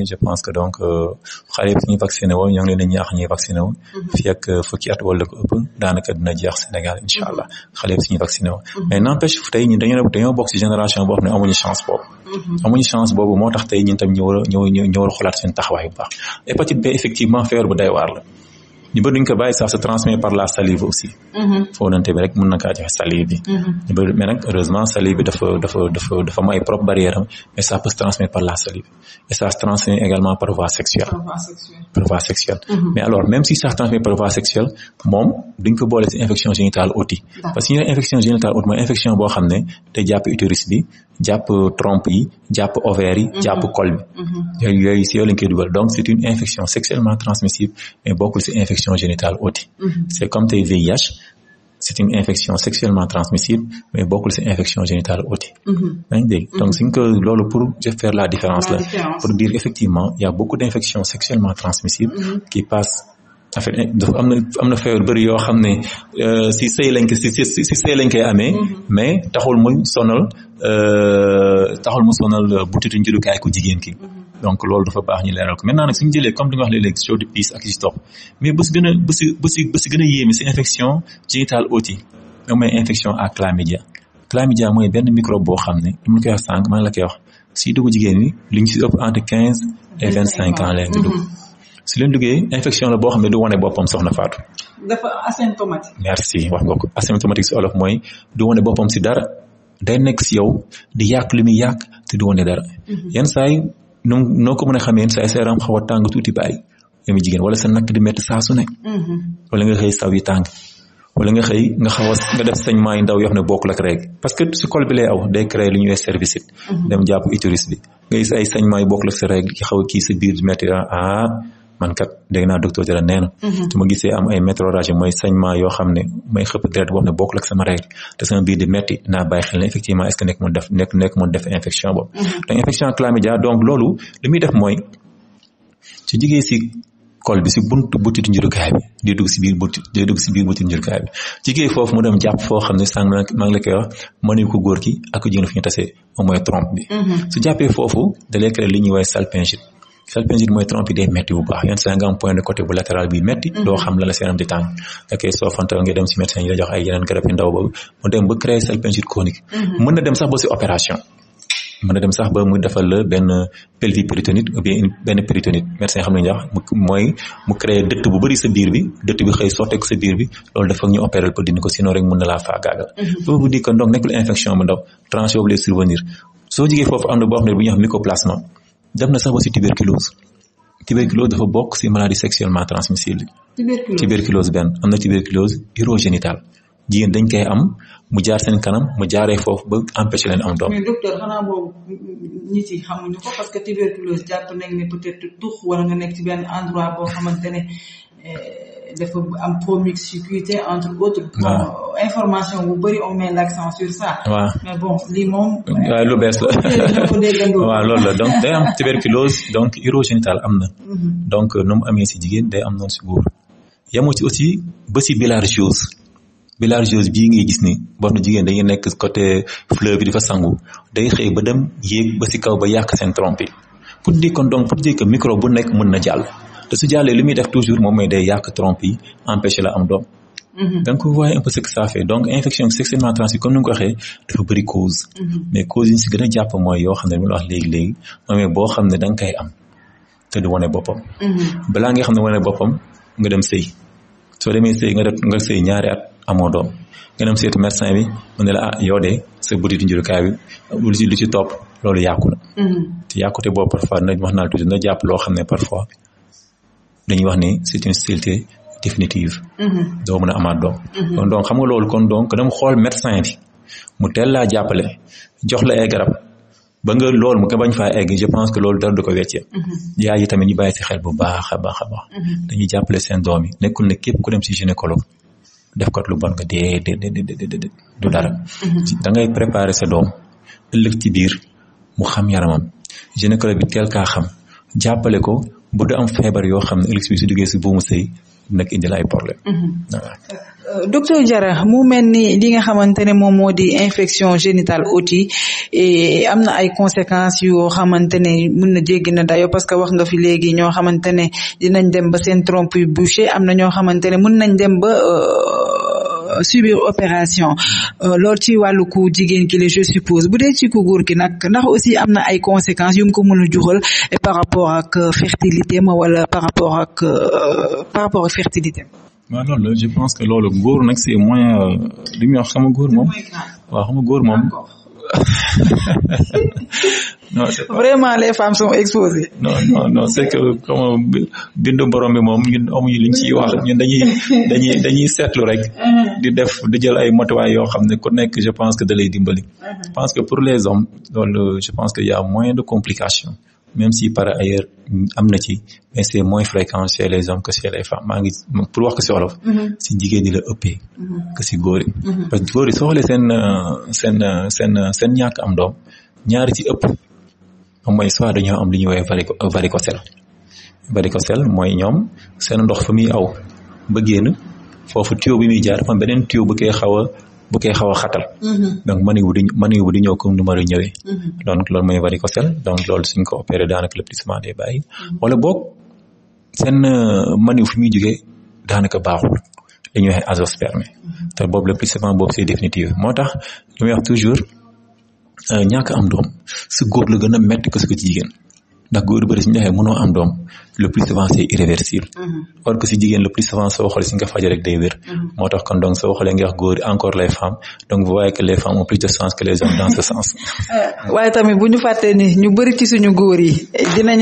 Speaker 2: je pense que donc. Euh, xale yëpp ñu vacciné woo ñoo ngi leen di ñaax ñuy vacciné wu mhm. fii ak euh, fukki at wala ko ëpp daanaka dina jeex Sénégal incha mhm. allah xale yëpp suñu vacciné woo mhm. mais n'empêche tey ñun dañu dañoo bokk si génération boo xam ne amuñu chance boobu amuñu chance boobu moo tax tey tam ñu war a ñu ñu war seen taxawaay bu baax hépatite B effectivement feebar bu day waar la ñu bëri duñ ko bàyyi sax se transmet par la salive aussi. Mm-hmm. fóonante bi rek mën na kaa joxe salive bi. Mm-hmm. ñu bëri mais nag bi dafa dafa dafa dafa mais ça peut se transmettre par la salive mm-hmm. mais alors même si ça se par voie sexuelle moom duñ ko boole si infection génitale haute yi. parce que infection génitale haute mooy infection boo xam ne te jàpp utérus bi jàpp euh, trompe yi jàpp ovaire yi. jàpp col bi. si yow lañ koy donc c'est une infection sexuellement infection génitale auti mhm. c'est comme tey VIH c'est une infection sexuellement transmissible mais bokkul ci infection génitale auti mhm. yaa ngi mhm. donc suñ ko loolu pour faire la différence la pour dire effectivement il y a beaucoup d'infections sexuellement transmissibles qui passent en fait dafa am na am na bëri yoo xam ne euh, si sëy lañ ko si si si sëy koy amee mais taxul muy sonal euh, taxul mu sonal butitu njurukaay ku jigéen ki donc loolu dafa baax ñu leeral ko maintenant nag suñu jëlee comme li wax léeg-léeg de piste ak yi mais bu si gën a bu si si bu si gën a yéeme si infection génitale haute yi moom mooy infection à chlamydia chlamydia mooy benn microbe boo xam ne li ma koy wax la koy wax si dugg jigéen ñi li ñu si ëpp entre quinze et vingt cinq ans mm-hmm. leen di dugg la boo xam ne du wane boppam soxna Fatou.
Speaker 1: dafa asymptomatique.
Speaker 2: merci wax nga ko asymptomatique si olof mooy du wane boppam si dara day nekk si yow di yàq li muy yàq te du wane dara. Mm-hmm. yenn saa no noo ko mën a xamee sa sa yaram a tàng tuuti bàyyi yow wala sa nakk di métti saa su ne mm-hmm. wala nga xëy saw yi tàng wala nga xëy nga xaw a nga def saignement yu ndaw yoo xam ne bokkul ak parce que su col bi lay aw day créer lu ñuy wax cervicite mm-hmm. dem jàpp utérus bi nga gis ay saignement yu bokkul ak règle ki xaw a kii sa biir di métti ah man kat dégg naa docteur Diarra nee na. Mhm. su ma gisee am ay métrorragie mooy saignement yoo xam ne may xëpp deret boo ne bokkul ak sama règle te sama biir di metti naa bàyyi xel ne effectivement est que nekk mun def nekk nekk mun def infection boobu. donc mhm. infection chlamydia donc loolu li muy def mooy su jigee si col bi si buntu butitu njurukaay bi di dugg si biir butit di dugg si biir butitu njurukaay bi jigéen foofu mu dem jàpp foo xam ne sànq maa ngi la koy wax mënuñu ko góor ki ak jigéen fu ñu tasee moom mooy trompe bi. Mhm. su jàppee foofu da lay créer li ñuy woowee salpingite. salpingine mooy trompe yi day metti bu baax yenn saa de côté nga koy soofantal nga dem si médecin yi ay yeneen garab yu ndaw boobu mu dem ba créer salpingine chronique mhm. mën na dem sax ba mu defal la benn pelvis péritonite ou bien benn péritonite médecin xam nañu wax mooy mu créer dëtt bu bëri sa biir bi dëtt bi xëy sotteeku sa biir bi loolu dafa ñu opérer ko dindi ko sinon rek mën na la faagaagal boobu mhm. bu di que donc nekkul infection bu ndaw tranché boobu lay dem na sax ba si tuberculose tuberculose dafa bokk si maladie sexuellement transmissible tuberculose benn am na tuberculose urogénitale jigéen dañ koy am mu jaar seen kanam mu jaaree foofu ba empêché leen am doom. mais
Speaker 1: docteur xanaa boobu nit yi xamuñu ko tuberculose jàpp nañ ne peut tux wala nga nekk ci benn endroit boo xamante ne. Eh, dafa am promiscuité entre autres. information bu bëri on l'accent sur ça. waaw mais moom. waaw lu
Speaker 2: bees la. waaw *laughs* loolu la donc day am tuberculose donc urogénitale am na. Mhm. donc euh, nu amee si jigéen day am noonu si góor. yamu ci aussi ba si bilharziose bilharziose bii ngay gis ni bornu jigéen dañuy nekk côté fleuve bi di fa sangu day xëy ba dem yéeg ba si kaw ba yàq seen trompe yi pour di kon donc pour dire que microbe bu nekk mën na jàll. te su jàllee li muy def toujours moom mooy day yàq trompe yi la am doom. Mm-hmm. donc vous voyez un peu que ça fait donc infection sexuellement transmissible comme ni nga ko dafa bëri cause. Mm-hmm. mais cause yi ñu si gën a jàpp mooy yoo xam ne mu boo xam ne da koy am te du wane boppam. Mm-hmm. balaa nga xam ne wane boppam nga dem sëy soo demee sëy nga def nga sëy ñaari at amoo doom nga seetu médecin bi mu ne la ah yoo de sa bëti njurukaay bi lu ci lu ci topp loolu yàqu la. te yàqute boobu parfois na wax a la tuuti na jàpp loo xam ne parfois. dañuy wax ni c'est une stérilité définitive mm-hmm. doo mën a amaat doom mm-hmm. kon donc xam nga loolu kon donc dama xool médecin bi mu teel laa jàppale jox la ay garab ba nga loolu mu nga bañ faa egg je pense que loolu dara du ko wecce
Speaker 3: mm-hmm.
Speaker 2: yaay yi tamit ñu bàyyi si xel bu baax a a dañuy jàppale seen doom yi nekkul ne képp ku dem si gynécologue def kat lu bon nga dee dee dee du da ngay préparer sa doom ci biir mu xam yaramam gynécologue bi teel kaa xam jàppale ko ba du am feebar yoo xam ne ëllëg bi su duggee si buumu sëy nag indi la ay problème mhm. euh,
Speaker 1: docteur Diarra mu mel ni li nga xamante ne moom moo di infection génitale haute yi am na ay conséquences yoo xamante mun na jéggi na parce que wax nga fi léegi ñoo xamante dinañ dem ba seen trompe am na ñoo xamante mun nañ dem euh, Euh, subir opération euh, lool ci wàllu ku jigéen ki la je suppose bu dee ci ku góor ki nag ndax aussi am na ay conséquences yu mu ko mën a jural par rapport ak euh, fertilité ma wala par rapport ak par rapport ak fertilité
Speaker 2: waaw loolu je pense que loolu góor nag si moins li muy wax xam nga góor moom *laughs* non vraiment
Speaker 1: les femmes sont exposées. non non non c'est
Speaker 2: que comme bindu borom bi moom ñun amuñu luñ ciy wax ñun dañuy dañuy dañuy seetlu rek. Uh-huh. di def di jël ay matuwaay yoo xam ne ku nekk je pense que da lay dimbali. Uh-huh. je que pour les hommes loolu je pense que y moyen de complication. même si par ailleurs am na ci mais c'est moins fréquent les hommes que chez les femmes maa ngi pour wax ko si wolof mm-hmm. si jigéen ñi la ëppee mm-hmm. que si góor yi mm-hmm. parce góor yi soo xoolee seen seen seen seen ñàkk am doom ñaari ci ëpp mooy soit dañoo am li ñuy woowee varicocèle sel mooy ñoom seen ndox fa muy aw ba génn foofu tuyau bi muy jaar dafa am beneen tuyau bu koy xaw bu koy xaw a xatal. Mm-hmm. donc maniou di maniou di ñëw comme numéro ñëwee. Mm-hmm. donc loolu mooy varicocèle donc lool suñ ko opéré daanaka lotissement day bàyyi. Mm-hmm. wala boog seen euh, maniou fi muy jógee daanaka baaxul li ñuy waxee azoosperme te boobu lotissement boobu c'est définitive moo tax li may toujours euh, ñàkk am doom su góor la gën a métti ko su ko ci jigéen ndax góor bu bëri su ñu mënoo am doom. le plus souvent c'est irréversible mhm. or que si jigéen le plus souvent soo xoolee si nga faj rek day mhm. moo tax kon donc soo xoolee nga wax encore les femmes donc vous voyez que les femmes ont plus de *laughs* euh,
Speaker 1: ñu fàttee ni ñu bëri ci suñu góor yi ne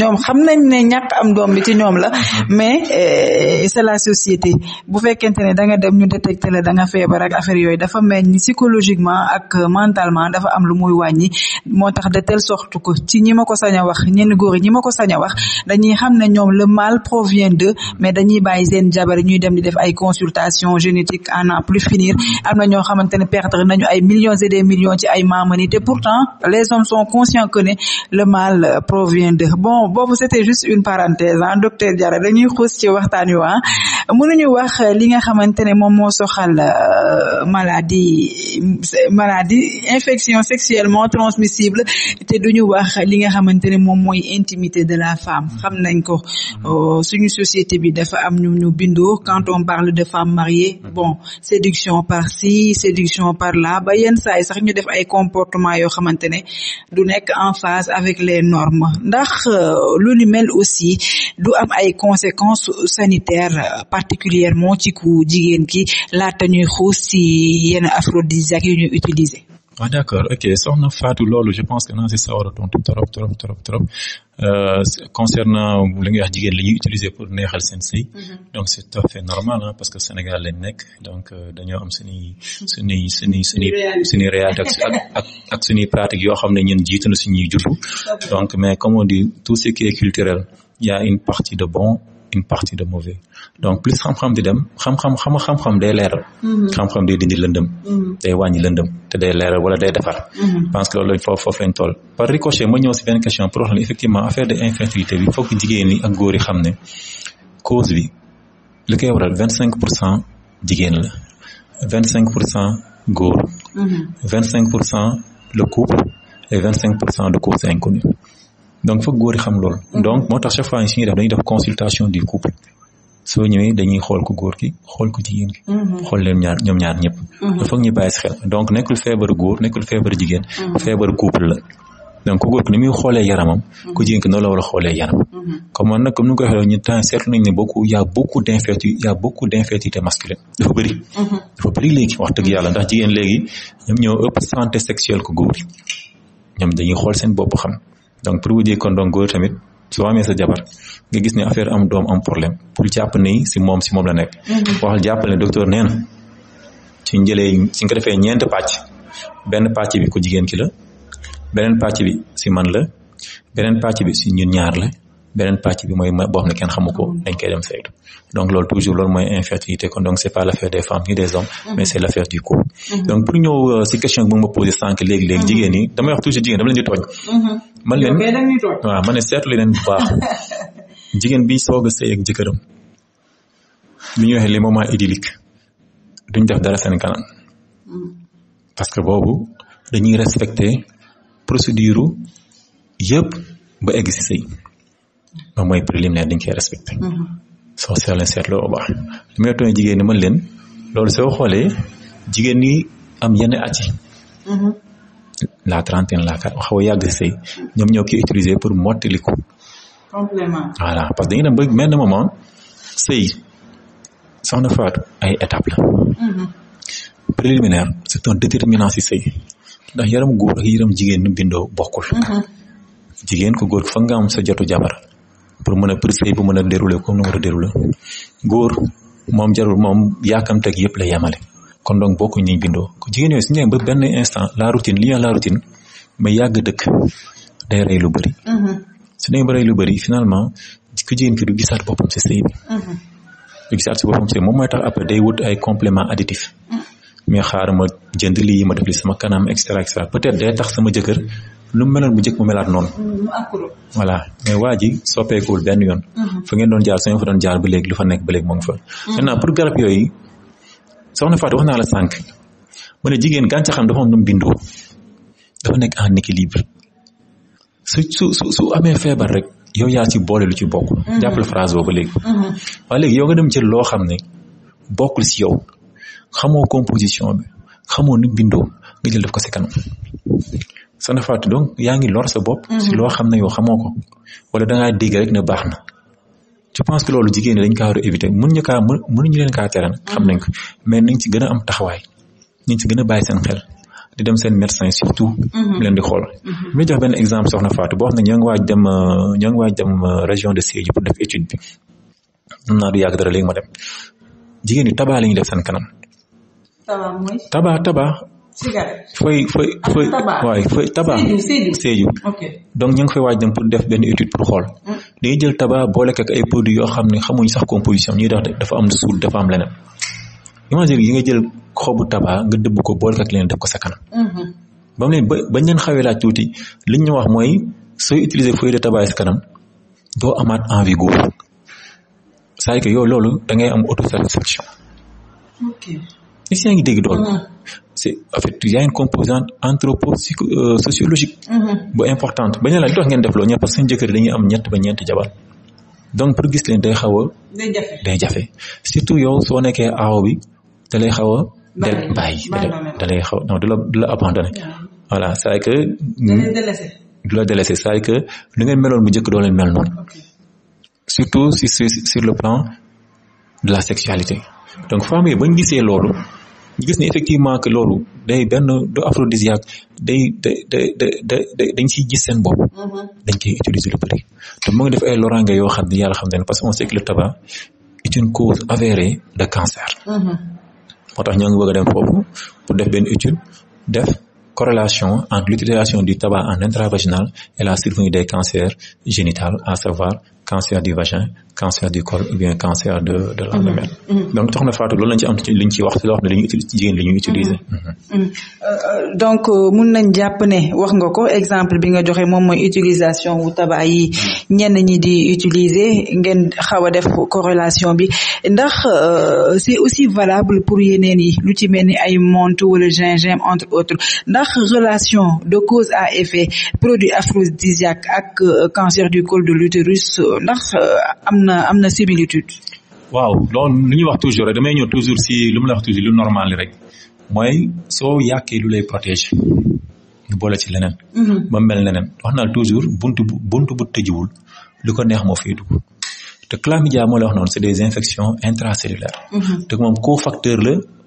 Speaker 1: ñoom xam nañ ne ñàkk am doom bi ci ñoom la mhm. mais euh, c'est la société bu fekkente ne da nga dem ñu détecté la da nga feebar ak affaire yooyu dafa mel ni psychologiquement ak mentalement dafa am lu muy wàññi moo tax de a yenn góor yi ñi ma ko sañ wax dañuy xam ne ñoom le mal provient d'eux mais dañuy bàyyi seen jabar ñuy dem di def ay consultation génétique à n'en plus finir am na ñoo xamante ne perdre nañu ay millions et des millions ci ay maamani te pourtant les hommes sont conscients que ne le mal provient d'eux bon boobu c'était juste une parenthèse ah docteur Diarra dañuy xuus ci waxtaan yu ah mënuñu wax li nga xamante ne moom moo soxal euh, maladie maladie infection sexuellement transmissible te duñu mooy intimité de la femme xam nañ ko euh, suñu société bi dafa am ñu ñu bindoo quand on parle de femme mariée mhm. bon séduction par si séduction par la ba yenn saa sax ñu def ay comportement yoo xamante ne du nekk en phase avec les normes ndax euh, lu ni aussi du am ay conséquences sanitaires euh, particulièrement ci ku jigéen ki laata ñuy xuus ci yenn ak yu ñu utiliser ah
Speaker 2: d' accord ok soxna Fatou loolu je pense que naa si sawar a tontu trop trop trop trop euh, concernant li nga wax jigéen la ñuy utiliser pour neexal seen sëy mm-hmm. donc c' est tout fait normal parce que Sénégal lañ nekk donc euh, dañoo am suñuy suñuy suñuy suñuy suñuy réalité ak ak ak suñuy pratique yoo xam ne ñun jiitu na suñuy jutu donc mais comme on dit tout ce qui est culturel y a une partie de bon une partie de mauvais donc plus xam-xam di dem xam-xam xam xam-xam day leeral mm-hmm. xam-xam day dindi lëndëm mm-hmm. day wàññi lëndëm te day leeral wala day defar parce mm-hmm. que loolu lañ foofu foofu lañ par ricochet ma ñëw si benn question pour wax effectivement affaire de infertilité bi foog jigéen ñi ak góor yi xam ne cause bi li koy waral vingt cinq pour cent jigéen la vingt cinq pour cent góor vingt cinq pour cent le couple et vingt cinq pour cent de cause inconnue donc foog góor yi xam loolu. Mhm. donc moo tax chaque fois suñuy def dañu def consultation du couple soo ñëwee dañuy xool ko góor ki xool ko jigéen ki. Mhm. xool leen ñaar ñoom ñaar ñëpp. Mhm. foog ñu bàyyi si xel donc feebaru góor nekkul feebaru jigéen. feebaru couple la. donc ku góor muy xoolee yaramam ku jigéen ki la war a xoolee yaramam comme man nag comme ni nga ñu temps seetlu nañ ne beaucoup y a beaucoup d'infertilité y a beaucoup d'infertilité masculine dafa
Speaker 3: bëri
Speaker 2: léegi wax dëgg yàlla ndax jigéen léegi ñoom ñoo ëpp santé sexuelle ko góor ñoom dañuy xool seen bopp xam donc pour vous dire kon donc góor tamit soo amee sa jabar nga gis ne affaire am doom am problème pour jàpp ni si moom si moom la nekk. Mhm. waxal jàppale ne docteur nee na suñ jëlee suñ ko defee ñeent pàcc benn pàcc bi ku jigéen ki la beneen pàcc bi si man la beneen pàcc bi si ñun ñaar la. beneen pàcc bi mooy boo xam kenn xamu ko dañ koy dem saytu donc loolu toujours loolu mooy infertilité kon donc c' est pas l' affaire des femmes ni des hommes mhm. mais c' est l' léegi-léegi mhm. jigéen ñi damay wax di tooñ man leen waaw ma ne seetlu leen bu baax *laughs* jigéen bi soog a sëy ak jëkkëram bi ñu waxee les moments idylliques duñ def dara seen kanam
Speaker 3: mm.
Speaker 2: parce que boobu dañuy respecter procédure yëpp ba egg si sëy moom mooy préliminaire dañ koy respecter mm-hmm. soo seet leen seetloo bu baax li may tooñ jigéen ñi man leen loolu soo xoolee jigéen ñi am yenn at la trentaine la kat xaw a yàgg sëy ñoom ñoo koy utiliser pour mottaliku complément voilà parce que dañuy dem ba benn moment sëy soxna Fatou ay étape la mm-hmm. préliminaire c'est un déterminant si sëy ndax yaram góor ak yaram jigéen nu bindoo bokkul mm-hmm. jigéen ko góor fa nga am sa jotu jabar pour mën a pour bu mën a dérouler comme nu war a dérouler góor moom jarul moom yaakamteeg yëpp la yemale kon donc bokkuñ niñ bindoo jigéen yooyu su ñu ba benn instant la routine li la routine ba yàgg dëkk day rey lu bëri. Mm-hmm. su ñu ba rey lu bëri finalement ku jigéen ki du gisaat boppam si sëy bi. Mm-hmm. du gisaat si boppam moom mooy tax après day wut ay complément additif. Mm-hmm. mais xaar ma jënd lii ma def li sama kanam et cetera et cetera peut-être day tax sama jëkkër lu mu meloon bu njëkk mu melaat noonu. voilà mais waa ji soppeekuwul benn yoon. fa ngeen doon jaar su ngeen fa doon jaar ba léegi lu fa nekk ba léegi moo ngi yooyu. soxna Fatou wax naa la sànq mu ne jigéen gàncaxam dafa am bindoo dafa nekk en équilibre su su su amee feebar rek yow yaa ci boole lu ci bokk. Mm-hmm. jàppale phrase boobu léegi. Mm-hmm. waaye léegi yow nga dem jël loo xam ne bokkul si yow xamoo composition bi xamoo nu bindoo nga jël def ko si kanam. soxna Fatou donc yaa ngi lor sa bopp. si mm-hmm. loo xam ne yow xamoo ko wala da ngaa dégg rek ne baax na. je pense que loolu jigéen ñi dañ kaa war a éviter mën ñu kaa mënuñu leen kaa tere nag xam nañ ko mais nañ ci gën a am taxawaay nañ ci gën a bàyyi seen xel di dem seen médecin surtout mhm. mu leen di xool mi mhm. jox benn exemple soxna Fatou boo xam ne ñoo ngi waaj dem euh, ñoo ngi waaj dem euh, région de Sédhiou pour def étude bi am naa du yàgg dara léegi ma dem jigéen ñi tabaa la def seen kanam taba taba cigarette. fooy fooy fooy waay fooy tabac séju donc ñu ngi fay waaj pour def benn étude pour xool mm. dañuy jël tabac boole ko ay produits yoo xam ne xamuñ sax composition ñuy def dafa am suul dafa am leneen imagine yi nga jël xobu tabac nga dëbb ko boole ko leen leneen def ko sa kanam mm-hmm. ba leen ba bañ leen xawee laaj tuuti liñ ñu wax mooy sooy utiliser feuille de tabac sa kanam doo amaat envie góob c'est-à-dire loolu da ngay am autosatisfaction. ok est-ce que ngi dégg dool mm-hmm. c'est en fait y a composante anthropo-sociologique. Euh, mm-hmm. bu importante ba ñu la dox ngeen def loolu ñëpp parce que seen jëkkër dañuy am ñett ba ñeenti jabar donc pour gis leen day xaw a. day jafe surtout yow soo nekkee aaw bi da lay xaw a. del bàyyi da lay xaw non du la du la abandonné. voilà c'est que. du la délaissé c'est que lu ngeen meloon bu njëkk doo leen mel noonu. surtout si sur le plan de la sexualité donc femmes yi gisee loolu. ñu gis ne effectivement que loolu day benn du aphrodisiaque day da da da da dañ ciy gis seen bopp. Mm-hmm. dañ koy utiliser lu bëri te mu ngi def ay loraange yoo xam ne yàlla xam ne parce que on sait que le tabac cause avérée de cancer. Mm-hmm. moo tax ñoo ngi bëgg a dem foofu pour def benn étude def corrélation entre l'utilisation du tabac en intravaginal et la survenue des cancers génitaux à savoir cancer du vagin cancer du col ou bien cancer de de l'abdomen. Mm-hmm. Mm-hmm. donc soxna Fatou loolu lañ ci am liñ ci ne li utiliser. Mm-hmm.
Speaker 1: Euh, euh, donc euh, mun nañ jàpp ne wax nga ko exemple bi nga joxe moom mooy utilisation wu tabac yi ñenn ñi di utiliser ngeen xaw a def corrélation bi ndax c'est aussi valable pour yeneen yi lu ci mel ni ay montre wala gingembre entre autres ndax relation de cause à effet produit aphrodisiaque ak cancer du col de l'utérus ndax euh, am na am na similitude.
Speaker 2: waaw loolu lu ñuy wax toujours rek damay ñëw toujours si lu mu la wax toujours lu normal li rek mooy soo yàqee lu lay protéger ñu boole ci leneen. Mm-hmm. ba mel neneen wax naa toujours buntu bu buntu bu tëjiwul lu ko neex moo fiy dugg te chlamydia moo la wax noonu c'est des infections intracellulaires. Mm-hmm. te moom cofacteur la.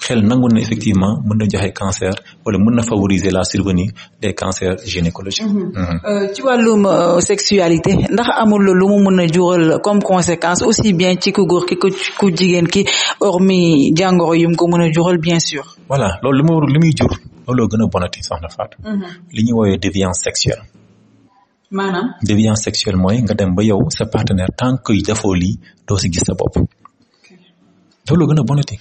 Speaker 2: xel nangu na effectivement mën na joxe cancer wala mën na favoriser la survenue des cancers gynécologiques. Mhm. Mhm.
Speaker 1: Euh, ci wàllum euh, sexualité ndax amul lu mu mën a jural comme conséquence aussi bien ci ku góor ki ku jigéen ki hormis jàngoro yum ko mën a jural bien sûr.
Speaker 2: voilà loolu lu mu li muy jur looloo gën a bonati soxna Fatou. Mhm. li ñuy woowee déviance sexuelle. maanaam. déviance sexuelle mooy nga dem ba yow sa partenaire tant que dafoo lii doo si gis sa bopp. gën a bonati.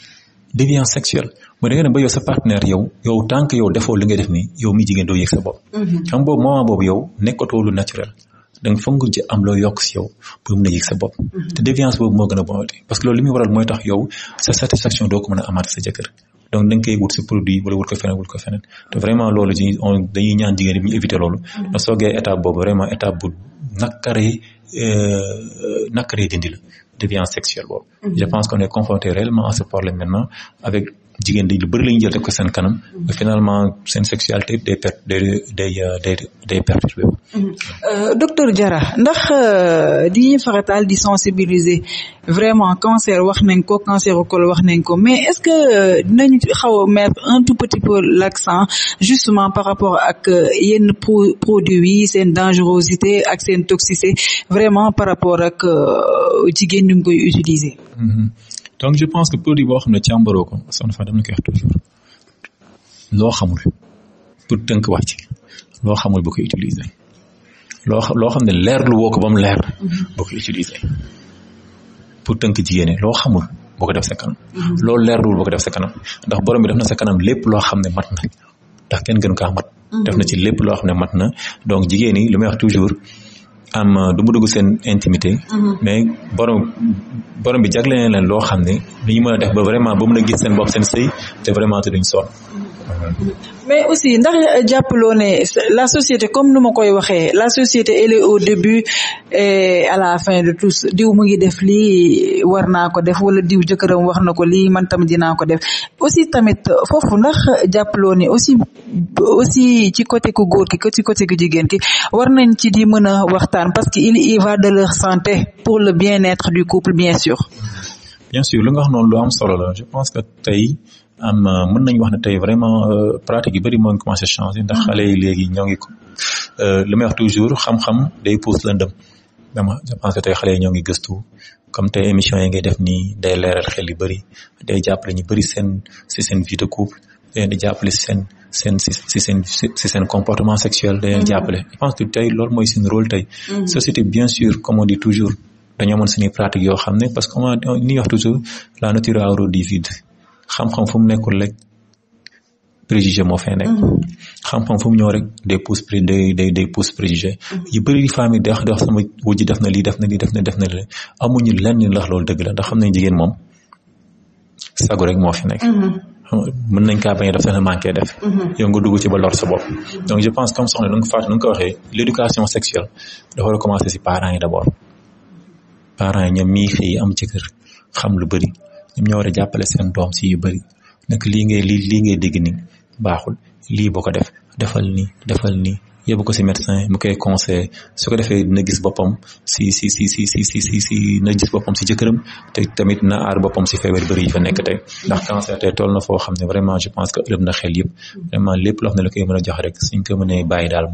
Speaker 2: déviance sexuelle mooy da nga yow sa partenaire yow yow tant que yow defoo li nga def nii yow mi jigéen doo yëg sa bopp. Mm-hmm. xam boobu moment boobu yow nekkatoo lu naturel. danga foog nga am loo yokk si yow pour a sa bopp. Mm-hmm. te déviance boobu moo gën a parce que loolu li muy waral mooy tax yow sa satisfaction doo ko mën a amaat sa jëkkër donc da nga koy wut si produit wala wut ko feneen wut ko feneen te vraiment loolu ci dañuy ñaan jigéen bi ñu éviter loolu. ndax mm-hmm. soo gee étape boobu vraiment étape bu nakkaree euh, dindi la. déviance sexuelle boobu. Mm-hmm. je pense qu'on est confronté réellement à ce problème maintenant avec jigéen di lu bëri lañu jël def ko seen kanam ba finalement seen sexualité day per day day day day perturbé mhm.
Speaker 1: euh, docteur Diarra ndax euh, dañuy faratal di sensibiliser vraiment cancer wax nañ ko cancer au col wax nañ ko mais est-ce que euh, dinañ xaw a mettre un tout petit peu l'accent justement par rapport ak yenn produits yi seen dangerosité ak seen toxicité vraiment par rapport ak jigéen ñu ngi koy utiliser
Speaker 2: mhm. donc je pense que produit boo xam ne càmbaroo ko soxna fa dama la koy wax toujours loo xamul pour tënk wax ci loo xamul bu ko loo loo xam ne leer lu woo ko ba mu leer mm-hmm. bu ko pour tënk jigéen ñi loo xamul boo ko def sa kanam mm-hmm. loolu leerluwul boo ko def sa kanam ndax borom bi def na sa kanam lépp loo xam ne mat na ndax kenn gën kaa mat mm-hmm. def na ci lépp loo xam ne mat na donc jigéen ñi lu may wax toujours am euh, du mu dugg seen intimité. Mhm. mais borom borom bi jagle leen loo xam ne li ñu mën a def ba vraiment ba mën a gis seen bopp seen sëy te vraiment te duñ sonn. Mhm.
Speaker 1: mais aussi ndax euh, jàppaloo ne la société comme nu ma koy waxe la société elle est au début et à la fin de tous diw mu ngi def lii war naa ko def wala diw jëkkëram wax na ko lii man tamit dinaa ko def aussi tamit foofu ndax jàppaloo ne aussi aussi ci côté ku góor ki ci côté ku jigéen ki war nañ ci di mën a waxtaan parce que il y va de leur santé pour le bien-être du couple bien
Speaker 2: sûr bien sûr lu nga wax noonu lu solo la je pense que tey am euh, mën nañ wax ne tey vraiment euh, pratique yu bëri moo ngi commencé changé ndax ah. xale yi léegi ñoo ngi ko euh, li may wax toujours xam day pousse lëndëm vraiment je pense xale yi ñoo ngi gëstu comme tey émission yi ngay def nii day leeral xel yu bëri day jàppale ñu bëri seen si seen vie de couple day di jàppale si seen seen si seen si seen comportement mm-hmm. jàppale je pense que tey loolu mooy seen rôle tey mm-hmm. société bien sûr comme on dit toujours dañoo mën suñuy pratique yoo xam ne parce que on ni wax toujours la nature a horreur du vide xam-xam fu mu nekkul rek préjugé moo fay nekk. Mhm. xam-xam fu mu ñëw rek day pousse pré day day day pousse préjugé. Mhm. yu bëri di femmes yi di wax di wax sama wujj def na lii def na lii def na def na lii amuñu lenn lax loolu dëgg la ndax xam nañ jigéen moom sagu rek moo fi nekk. Mhm. mën nañ kaa bañ a def sax na manqué def. yow nga dugg ci ba lor sa bopp. donc je pense comme soxna nu nga fàttali nu ko waxee l' éducation sexuelle dafa war a commencer si parent yi d' abord parents yi ñoom mii xëy am ci kër xam lu bëri. ñoom ñoo war a jàppale seen doom si yu bëri nag lii ngay lii lii ngay dégg nii baaxul lii boo ko def defal nii defal nii yóbbu ko si médecin mu koy conseillé su ko defee dina gis boppam si si si si si si si na gis boppam si jëkkëram te tamit na aar boppam si feebar bëri yi fa nekk tey ndax cancer tey toll na foo xam ne vraiment je pense que ëllëg na xel yëpp vraiment lépp loo xam ne la koy mën a jox rek suñ ko mënee bàyyi daal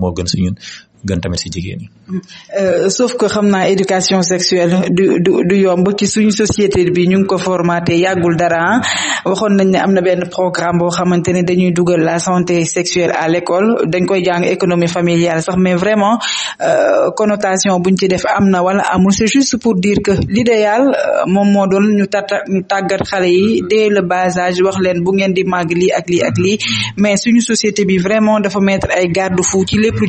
Speaker 2: moo gën si ñun gën tamit si jigéen ñi.
Speaker 1: Euh, sauf que xam naa éducation sexuelle du du yomb ci suñu société bi ñu ngi ko formaté yàggul dara ah. waxoon nañ ne am na benn programme boo xamante ne dañuy dugal la santé sexuelle à l'école dañ koy jàng économie familiale sax mais vraiment euh, connotation buñ ci def am na wala amul c'est juste pour dire que l'idéal euh, moom moo doon ñu tata ñu tàggat xale yi dès le bas wax leen bu ngeen di màgg lii ak lii ak lii mais suñu société bi vraiment dafa mettre ay garde-fou ci lépp lu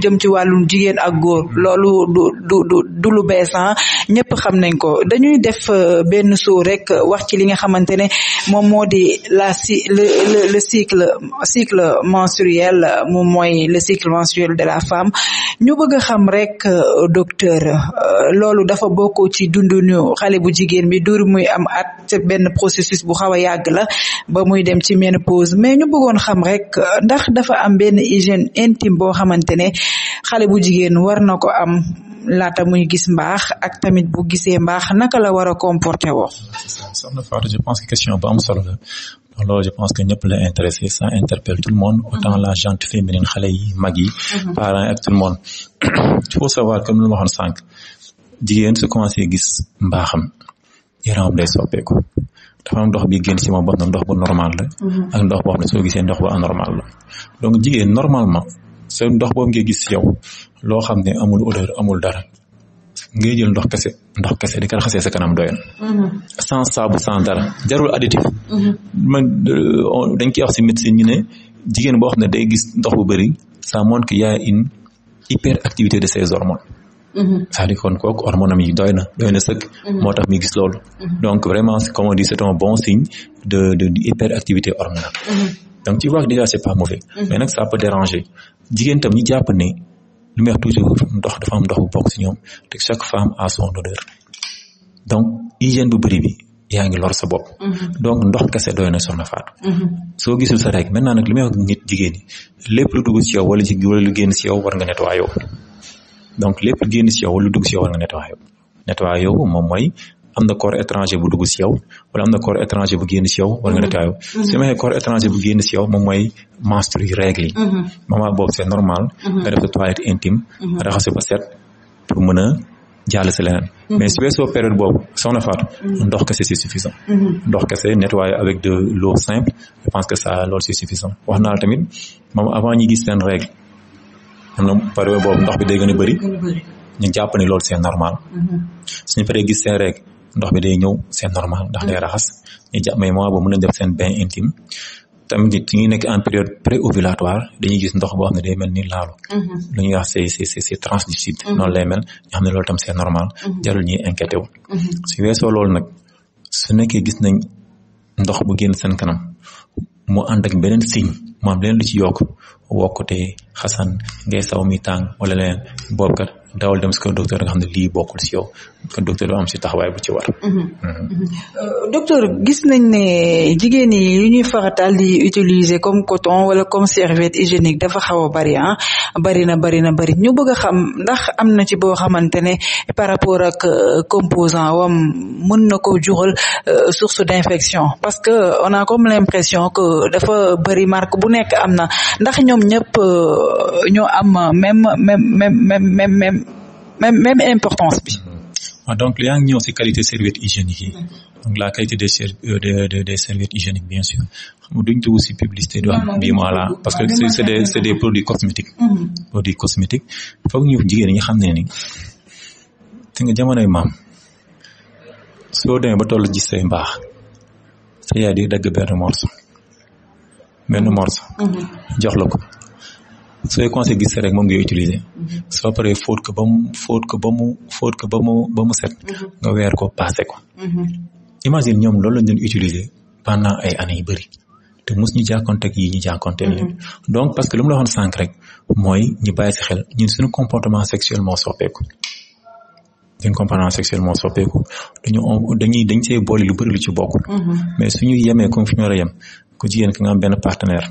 Speaker 1: jigéen ak góor loolu du du du du lu beesan ah. ñëpp xam nañ ko dañuy def euh, benn suu rek wax ci li nga xamante ne moom moo di la si le le le cycle cycle menstruel moom mooy le cycle menstruel de la femme ñu bëgg a xam rek euh, docteur euh, loolu dafa bokk ci dunduñu xale bu jigéen bi duur muy am at benn processus bu xaw a yàgg la ba muy dem ci ménopause mais ñu bëggoon xam rek ndax dafa am benn hygiène intime boo xamante ne xale bu jigéen war na ko am laata muy gis mbaax ak tamit bu gisee mbaax naka la war a comporté woo.
Speaker 2: soxna Fatou je pense que question bu am solo la loolu je pense que ñëpp la intéressé ça interpelle tout le monde mhm. la gente féminine xale yi mag yi. Mhm. parents ak tout le monde. *clears throat* il faut savoir comme lu ma waxoon sànq jigéen su commencé gis mbaaxam yaramam day soppeeku dafa am ndox bi génn ci moom boo xam ndox bu normal la. Mhm. ak ndox boo xam ne soo ndox bu anormal la donc jigéen normalement. sa ndox boobu ngay gis si yow loo xam ne amul odeur amul dara ngay jël ndox kese ndox kese di ko raxasee sa kanam doyoon. Mm-hmm. sans saabu sans dara jarul additif. Mm-hmm. man euh, dañ koy wax si médecine ñu ne jigéen boo xam ne day gis ndox bu bëri ça montre qu'il y a une hyperactivité de ses hormones. Mm-hmm. c'est-à-dire kon kooku hormone am yi doy na doy na sëkk. moo tax mi gis loolu. donc vraiment comme on dit c'est bon signe de de hyperactivité hormonale. donc tu vois que déjà c'est pas mauvais. Mhm. mais nag ça peut déranger jigéen tam ñi jàpp ni lu may wax toujours ndox dafa am ndox bu bokk si ñoom te chaque femme a son odeur donc hygiène bu bëri bi yaa ngi lor sa bopp. Mhm. donc ndox kese doy na soxna Fatou. Mhm. soo gisul sa rek maintenant nag li may wax nit jigéen ñi lépp lu dugg si yow wala ci wala lu génn si yow war yo nettoyer donc lépp lu génn si wala lu dugg si yow war nga nettoyer yow nettoyer yow moom mooy am na corps étranger bu dugg si yow wala am na corps étranger bu génn si yow wala mhm. Mhm. corps étranger bu génn si yow moom mooy menstru règle yi mhm. moment boobu c'est normal nga def sa toilette intime raxasu ba set pour mën a jàll si leneen mais su weesoo période boobu soxna Fatou ndox kese c'est suffisant ndox kese nettoyer avec de l'eau simple je pense que ça loolu c'est suffisant wax naa tamit moom avant ñi gis seen règle am na période boobu ndox bi day gën a bëri ñu jàpp ni loolu c'est normal suñu paree gis seen ndox bi day ñëw c'est normal ndax day mm. raxas ñu jàpp may mois boobu mën nañ def seen bain intime tamit nit ñi nekk en période préovulatoire dañuy gis ndox boo xam ne day mel ni laalu
Speaker 3: mm-hmm. lu
Speaker 2: ñuy wax c'est c'est c'est mm-hmm. noonu lay mel ñu xam ne loolu tam c'est normal mm-hmm. jarul ñuy inquiété wu su weesoo loolu nag su nekkee gis nañ ndox bu génn seen kanam mu ànd ak beneen signe mu am leneen lu ci yokk wokkute xasan ngay saw mi tàng wala leneen boobu kat daawal dem si kër docteur nga xam ne lii bokkul si yow kër docteur am si taxawaay bu ci war.
Speaker 1: Mhm. Mhm. Euh, docteur gis nañ ne jigéen ñi yu ñuy faratal di utiliser comme coton wala comme serviette hygiénique dafa xaw a bari ah bari na bari na bari ñu bëgg a xam ndax am na ci boo xamante ne par rapport ak euh, composant wam mën na ko jural euh, source d'infection parce que on a comme l'impression que dafa bari marque bu nekk am ndax ñoom ñëpp ñoo am même même même même importance bi.
Speaker 2: ah donc yaa ngi si qualité serviette hygiénique yi. Mm-hmm. donc la qualité de ser euh, des des des serviettes hygiéniques bien sûr xam duñ dugg si publicité bi bii voilà parce que c' est c' est des c' est
Speaker 3: mm-hmm.
Speaker 2: foog ñu jigéen ñi xam ne ni te nga jamonoy maam soo demee ba toll gis say mbaax sa yaay di dagg benn morceau benn morceau mm-hmm. jox la ko. sooy conseil gis rek moom ngay utiliser mhm. so paree fóot ko ba mu ko ba mu fóot ko ba mu ba mu set mhm. nga weer ko passé ko mhm. imagine ñoom loolu lañ doon utiliser pendant ay années yu bëri te mos ñu jàkkoonteeg yi ñu jàkkoonteel leen donc parce que lu mu la waxoon sànq rek mooy ñu bàyyi si xel ñun suñu comportement sexuel moo soppeeku suñu comportement sexuel moo soppeeku dañu dañ see boole lu bëri lu ci bokk mais suñu yemee comme fi yem ku jigéen ki nga am benn partenaire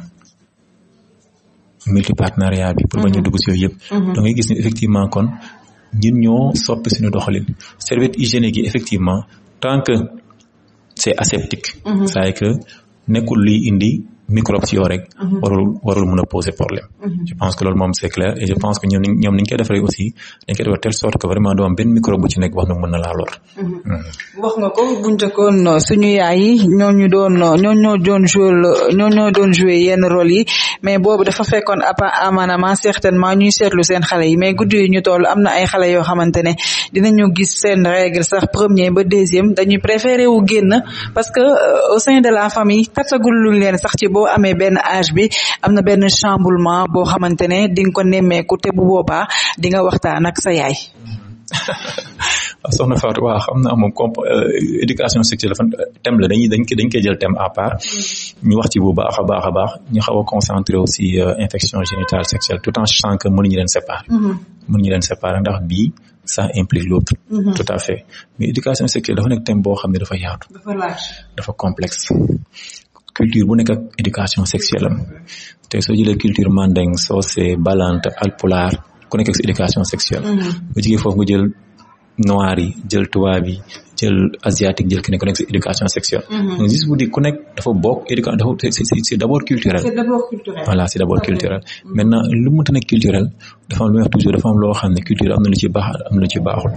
Speaker 2: partenariat bi pour ba ñu mhm. dugg si yooyu yëpp mhm. da ngay gis ni effectivement kon ñun ñoo soppi suñu doxalin serviette hygiénique yi effectivement tant que c'est aseptique mhm. c'est-à-dire que nekkul luy indi microbe si yow rek. Mhm. warul mun a poser problème. Mhm. je pense que loolu moom c'est clair et je pense que ñoom ñoom ni ñu koy defaree aussi dañ koy defar telle sorte que vraiment doo microbe bu ci nekk mhm. wax euh,
Speaker 1: ñu doon euh, ñoo ñoo doon joué doon joué yenn rôle yi mais boobu dafa fekkoon amaanaam certainement ñuy seetlu seen xale mais guddi yi ñu toll am na ay xale yoo xamante ne dinañu gis seen règle sax premier ba deuxième dañuy préféré wu génn parce que euh, au sein de la famille katagul luñ leen sax ci boo amee benn âge bi am na benn chamboulement boo xamante ne di nga ko nemmeeku te bu boobaa di nga waxtaan ak sa yaay.
Speaker 2: a *laughs* ah, soxna Fatou waaw xam naa moom comp euh, éducation sexuelle fan thème la dañuy dañ koy dañ koy jël thème à part mm. ñu wax ci bu baax a baax a baax ñu xaw a concentré aussi euh, infection génitale sexuelle tout en sachant que mënuñu leen séparer. Mm-hmm. mënuñu leen séparer ndax bi ça implique l'autre mm-hmm. tout à fait mais éducation sexuelle dafa nekk thème boo xam ne dafa yaatu. dafa complexe. culture bu nekk ak éducation sexuelle am tey soo jëlee culture mandeng soose balante alpulaar ku nekk ak éducation sexuelle mm-hmm. nga jigee foofu nga jël noir yi jël tubaab yi jël asiatique jël keneen ku nekk si éducation sexuelle. Mm-hmm. ku nekk dafa bokk éducation d' abord culturel. c' est
Speaker 1: d' abord culturel
Speaker 2: voilà mm-hmm. lu mu mënta nekk culturel dafa am lu ñuy toujours dafa loo xam ne culture am na lu ci baax am na lu ci baaxul.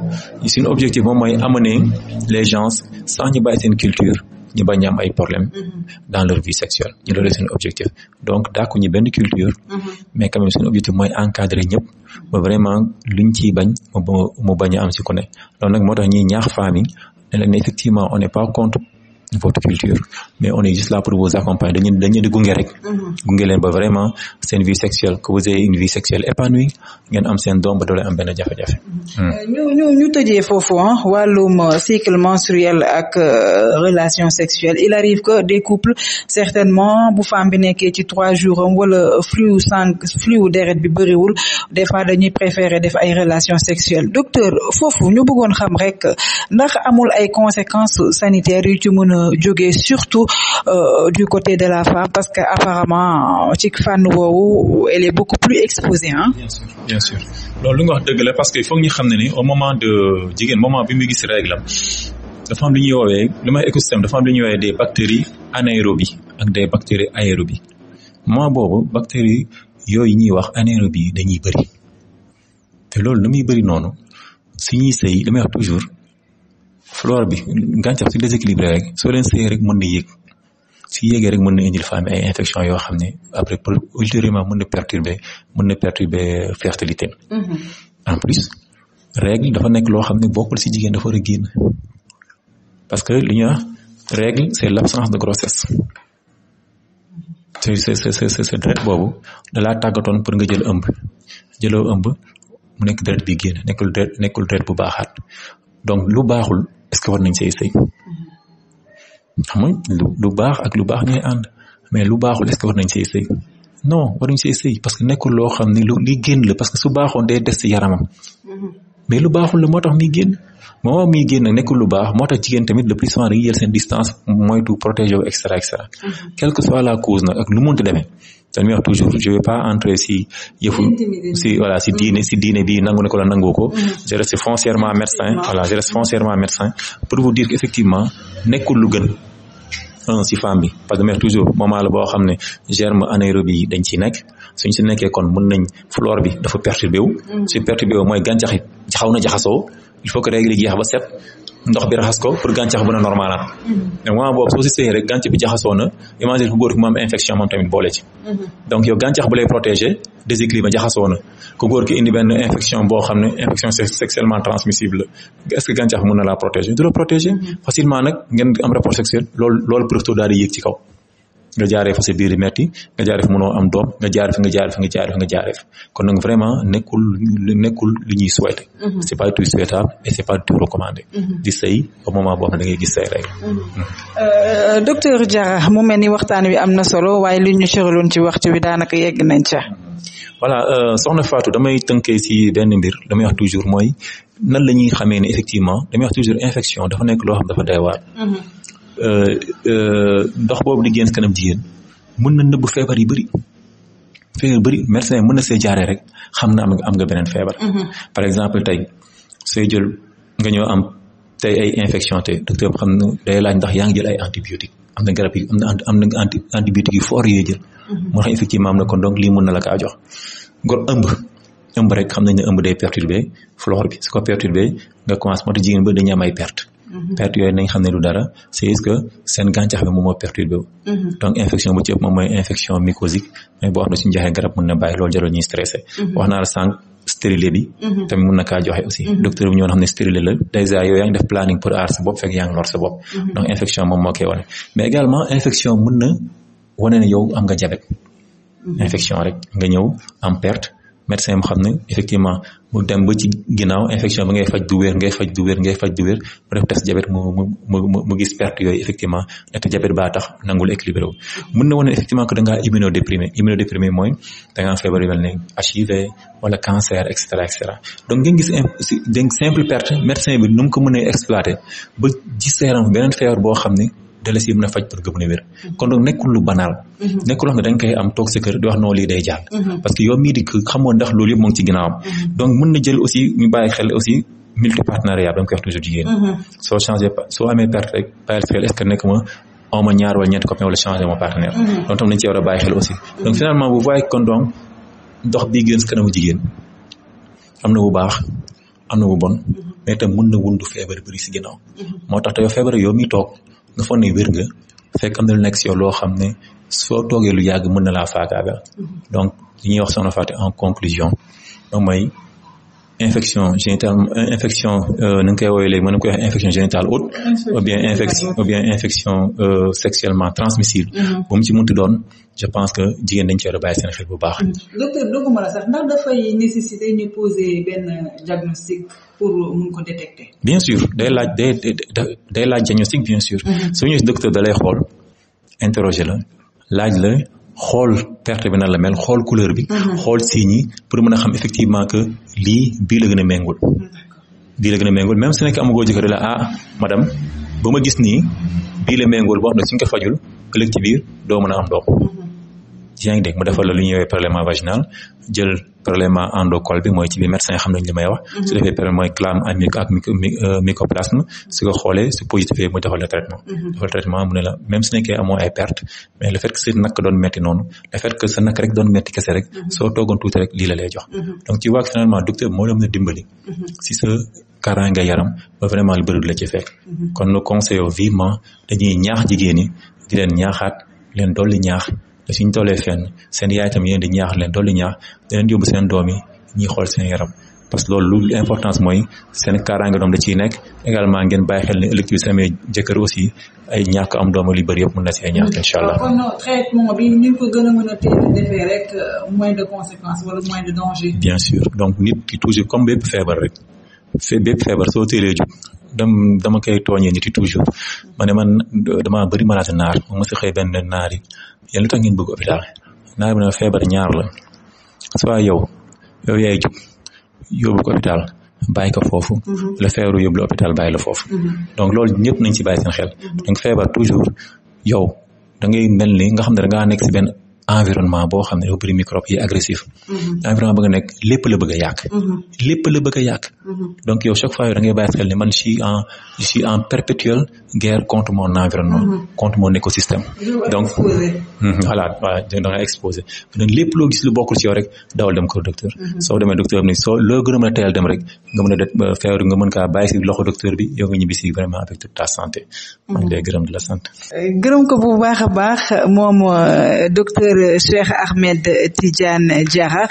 Speaker 2: suñu objectif moom mooy amener les gens sans ñu bàyyi seen culture. ñu bañ am ay problème mhm. dans leur vie sexuelle ñu loolu seen objectif donc dàkku ñu benn culture mhm. mais quand même seen objectif mooy encadrer ñëpp ba vraiment luñ ciy bañ mu mu bañ a am si ku ne loolu moo tax ñuy ñaax femmes yi ne leen effectivement on n'est pas contre votre culture mais on est juste là pour vous accompagner dañu dañu di gunge rek mm-hmm. gunge ba vraiment seen vie sexuelle que vous euh,
Speaker 1: bu femme bi nekkee ci trois jours am wala flux sang flux deret bi bëriwul des fois dañuy préférer def ay relations sexuelles docteur foofu ñu bëggoon xam rek ndax amul ay conséquences sanitaires yu ci mën a Euh, jógee surtout euh, du côté de la femme parce que apparemment ci fànn woowu elle est beaucoup plus exposée ah.
Speaker 2: bien sûr bien loolu lu wax dëgg la parce que foog ñu xam ne ni au moment de jigéen moment bi mu gis règle am dafa am lu ñuy woowee lu may écosystème dafa am lu ñuy woowee des bactéries anaérobies ak des bactéries aérobies moment boobu bactéries yooyu ñuy wax anaérobies dañuy bëri te loolu nu muy bëri noonu su ñuy damay wax toujours. flore bi gàncax si déséquilibré rek soo leen seey rek mën na yég si yéegee rek mën na indil femme ay infection yoo xam ne après ultérieurement mën na perturber mën na perturber fertilité
Speaker 3: mm-hmm.
Speaker 2: en plus règle dafa nekk loo xam ne bokkul si jigéen dafa war a génn parce que li ñuy wax règle c' de grossesse te ce ce ce ce boobu dalaa laa pour nga jël ëmb jëloo ëmb mu nekk deret bi génn nekkul deret nekkul deret bu baaxaat donc lu baaxul est-ce que war nañ say sëy xam lu baax ak lu baax ñooy ànd mais lu baaxul est-ce que war nañ say sëy non waruñ say sëy parce que nekkul loo xam ni lu li génn la parce que su baaxoon dee des ci yaramam mm-hmm. mais lu baaxul la moo tax muy génn moment mi génn nekkul lu baax moo tax jigéen tamit le plus souvent dañuy jël seen distance moytu protéger wu et cetera et
Speaker 3: mm-hmm.
Speaker 2: soit la cause nag ak lu munti demee dañuy wax toujours je si yëfu si mm-hmm. si diine si bi nangu ne ko la nangoo ko mm-hmm. je reste foncièrement médecin voilà je reste foncièrement médecin pour nekkul lu gën un si femme bi parce que damay wax toujours moment la boo xam ne germe anaérobie yi dañ ciy nekk suñ si nekkee kon mën nañ flore bi dafa perturbé wu su mooy gàncax yi xaw na jaxasoo il faut que règle yi ba set ndox bi raxas ko pour gàncax bu na normalaat mhm. donc moment boobu gàncax bi jaxasoo na imagine ku góor ki mu am infection moom tamit boole ci mhm. donc yow gàncax bu lay protéger déséquilibre jaxasoo na ku góor ki indi benn infection boo xam ne infection sexuellement transmissible la est ce que gàncax mën na laa protéger du la protéger mhm. facilement nag ngeen am rapport sexuel lool loolu plutôt daal di yéeg ci kaw nga jaaree fa sa biir metti nga jaaree fa mënoo am doom nga jaaree fa nga jaaree nga jaaree kon nag vraiment nekkul nekkul lu ñuy souhaité mhm. c'est pas tout souhaitable et c'est pas tout recommandé di mhm. sëy au moment boo xam ne da ngay gis say mhm.
Speaker 1: Euh, docteur Diarra mu mel ni waxtaan wi am na solo waaye li ñu sëraloon ci waxtu wi daanaka yegg nañ ca
Speaker 2: voilà euh, soxna Fatou damay tënkee ci benn mbir damay wax toujours mooy nan la ñuy xamee ne effectivement damay wax toujours infection loo xam dafa Euh, euh, dox boobu di génn kanam jigéen mën na nëbb feebar yu bëri feebar bëri médecin mën na see jaaree rek xam na am am nga beneen feebar mm-hmm. par exemple tey sooy jël nga ñëw am tey ay infection te docteur xam na day laaj ndax yaa jël ay antibiotique am na garab yi am na am na antibiotique yu fort yooyu jël mm-hmm. moo xam effectivement am na kon donc lii mën na la kaa jox gor ëmb ëmb rek xam nañ ne ëmb day perturbé flore bi su ko perturbé nga commencé moo jigéen ba dañu am ay perte
Speaker 3: Mm-hmm. perte yooyu
Speaker 2: nañ xam ne du dara c' est seen gàncax bi moom moo perturbé wu mm-hmm. donc infection bu ci mais boo xam ne suñu joxee garab mun na bàyyi loolu jarul ñuy stressé mm-hmm. wax naa la sànq stérilé bi tamit mun na kaa joxe aussi docteur bi ñoo xam ne stérilé la dèjà yow yaa ngi def planning pour aar sa bopp fekk yaa ngi lor sa bopp donc infection moom moo koy wane mais également infection mun na wane ne yow am nga jabet infection rek nga ñëw am perte médecin mu xam ne effectivement mu dem ba ci ginnaaw infection bi ngay faj du ngay faj du wér ngay faj du wér mu def test diabète mu mu mu yooyu effectivement baa tax nangul équilibré wu. mën na wane effectivement que da ngaa immunodéprimé immunodéprimé mooy da ngaa feebar yu mel ne HIV wala cancer et cetera et cetera donc ngeen gis simple perte médecin bi nu mu ko mënee exploité ba gis sa beneen feebar boo xam ne. da la si mën a faj pour nga mën a nekkul lu mhm. nekkul loo xam ne da koy am toog sa di wax noo lii day jàll mhm. parce que yow mii di xamoon ndax loolu yëpp moo ngi mhm. na jël aussi ñu bàyyi xel aussi multipartenariat ba nga koy wax toujours jigéen soo changé amee perte rek bàyyil xel est-ce que nekk ma ma ñaar wala ñetti copain wala changé ma partenaire donc xel aussi donc finalement bu voyez kon dox bii gën si kanamu jigéen am na bu baax am na bu bon itam mën na wundu feebar bëri si ginnaaw moo tax te yow feebar yow mi toog nga foog ne wér nga fekk am na lu nekk si yow loo xam ne soo toogee lu yàgg mën na laa faagaagal mhm. donc li ñuy wax soxna Fatou en conclusion moom mooy infection génitale infection euh, nu nga koy woowee léegi mën nañu koy wax infection génitale haute
Speaker 1: ou bien infection
Speaker 2: ou bien infection sexuellement transmissible mhm. bu ci mënti doon je pense que jigéen dañ ceer war a seen xel bu baax.
Speaker 1: docteur dogguma sax ndax dafay nécessité ñu poser benn diagnostic pour mun ko détecter.
Speaker 2: bien sûr day laaj day day laaj diagnostic bien sûr. Mhm. su ñu docteur da lay xool interroger la laaj la xool perte bi na la mel xool couleur bi. Mhm. xool signes yi pour mën a xam effectivement que lii bii la gën a méngul. Mhm, bii la gën a méngul même su nekkee amagoo jëkkër la ah madame ba ma gis nii bii la méngul boo xam ne suñ ko fajul ëllëg ci biir doo mën a am doom. yaa ngi dégg mu defal la lu ñuy vaginal jël prélèvement endocol bi mooy ci biir médecin xam nañ li may wax mm-hmm. su defee prélèvement mooy clame ak micro ak euh, mycoplasme su ko xoolee su positif mu defal la traitement mm-hmm. defal traitement mu ne la même su nekkee amoo ay perte mais le fait que sa nakk doon metti noonu le fait que sa nakk rek doon metti kese rek mm-hmm. soo toogoon tuuti rek lii jox donc tu vois que finalement docteur moo la mën a dimbali si sa kaaraange yaram ba vraiment lu la ci fekk di leen te suñ tollee fenn seen yaay tam yéen di ñaax leen dolli ñaax di leen seen doom yi ñuy xool seen yaram parce que loolu lu importance mooy seen kaaraange doom da ciy nekk également ngeen bàyyi xel ne ëllëg bi jëkkër aussi ay ñàkk am doom li bëri yëpp mën na see ñàkk incha allah. a mën
Speaker 1: a teel a euh, bien
Speaker 2: sûr donc nit ki toujours comme bépp feebar rek fe bépp feebar soo teelee dem dama koy tooñee nit yi toujours ma ne man damaa bëri malaata naar ma mos a xëy benn naar yi yéen lu tax ngeen bëgg hôpital naar bi na feebar ñaar la soit yow yow yaay jub yóbbu ko hôpital bàyyi ko foofu mhm. la feebaru yóbbu la hôpital bàyyi la foofu mhm. donc loolu ñëpp nañ ci seen xel mhm. donc feebar toujours yow da ngay mel ni nga xam ne da ngaa nekk si benn environnement boo xam ne dafa bëri microbe yi mhm. a a yàq mhm. mhm. da ngay bàyyi xel ne man je suis da ngay exposé donc lépp loo gis lu bokkul ci yow rek dawal bi a a a euh, loxo docteur bi yow nga ñibbi ci vraiment avec ta santé maa ngi la sant
Speaker 1: euh, gërëm ko bu baax a baax moom euh, docteur docteur Cheikh Ahmed Tidiane Diarra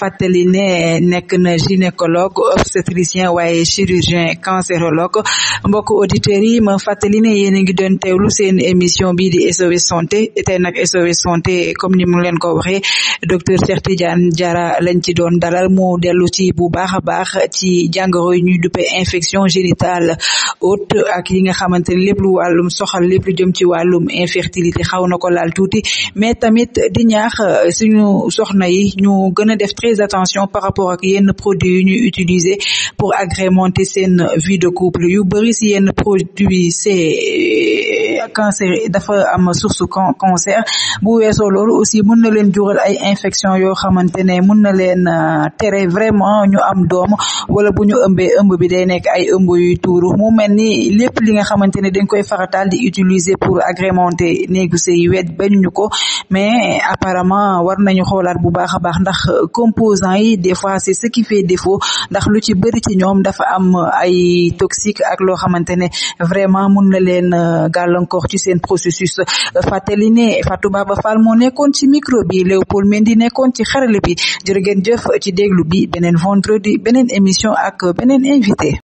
Speaker 1: fàttali ne nekk na gynécologue obstétricien waaye chirurgien cancérologue mbokk auditeurs yi ma fàttali ne yéen a ngi doon teewlu seen émission bii di SOS santé tey nag SOS santé comme ni mu leen ko waxee docteur Cheikh Tidiane jara lañ ci doon dalal mu dellu ci bu baax a baax ci jàngoro yi ñuy duppe infection génitale haute ak yi nga xamante ne lépp lu wàllum soxal lépp lu jëm ci wàllum infertilité xaw na ko laal tuuti mais tamit di ñaax euh, suñu soxna yi ñu gën a def très attention par rapport ak yenn produits yu ñuy utiliser pour agrémenter seen vie de couple yu bëri si yenn produits c'est euh, cancer dafa am a source cancer bu weesoo loolu aussi mën na leen jural ay infection yoo xamante ne mën na leen euh, tere vraiment ñu am doom wala bu ñu ëmbee ëmb bi day nekk ay ëmb yuy tuuru mu mel ni lépp li nga xamante ne dañ koy faratal di utiliser pour agrémenter néegu sëy wet bañuñu ko mais apparemment war nañu xoolaat bu baax a baax ndax composants yi des fois c'est ce qui fait défaut ndax lu ci bëri ci ñoom dafa am ay toxique ak loo xamante ne vraiment mun na leen euh, gàllankoor ci seen processus fàttali ne Fatou Baba Fall moo nekkoon ci micro bi Léopold Mendy nekkoon ci xarale bi jërë ngeen jëf ci déglu bi beneen vendredi beneen émission ak beneen invité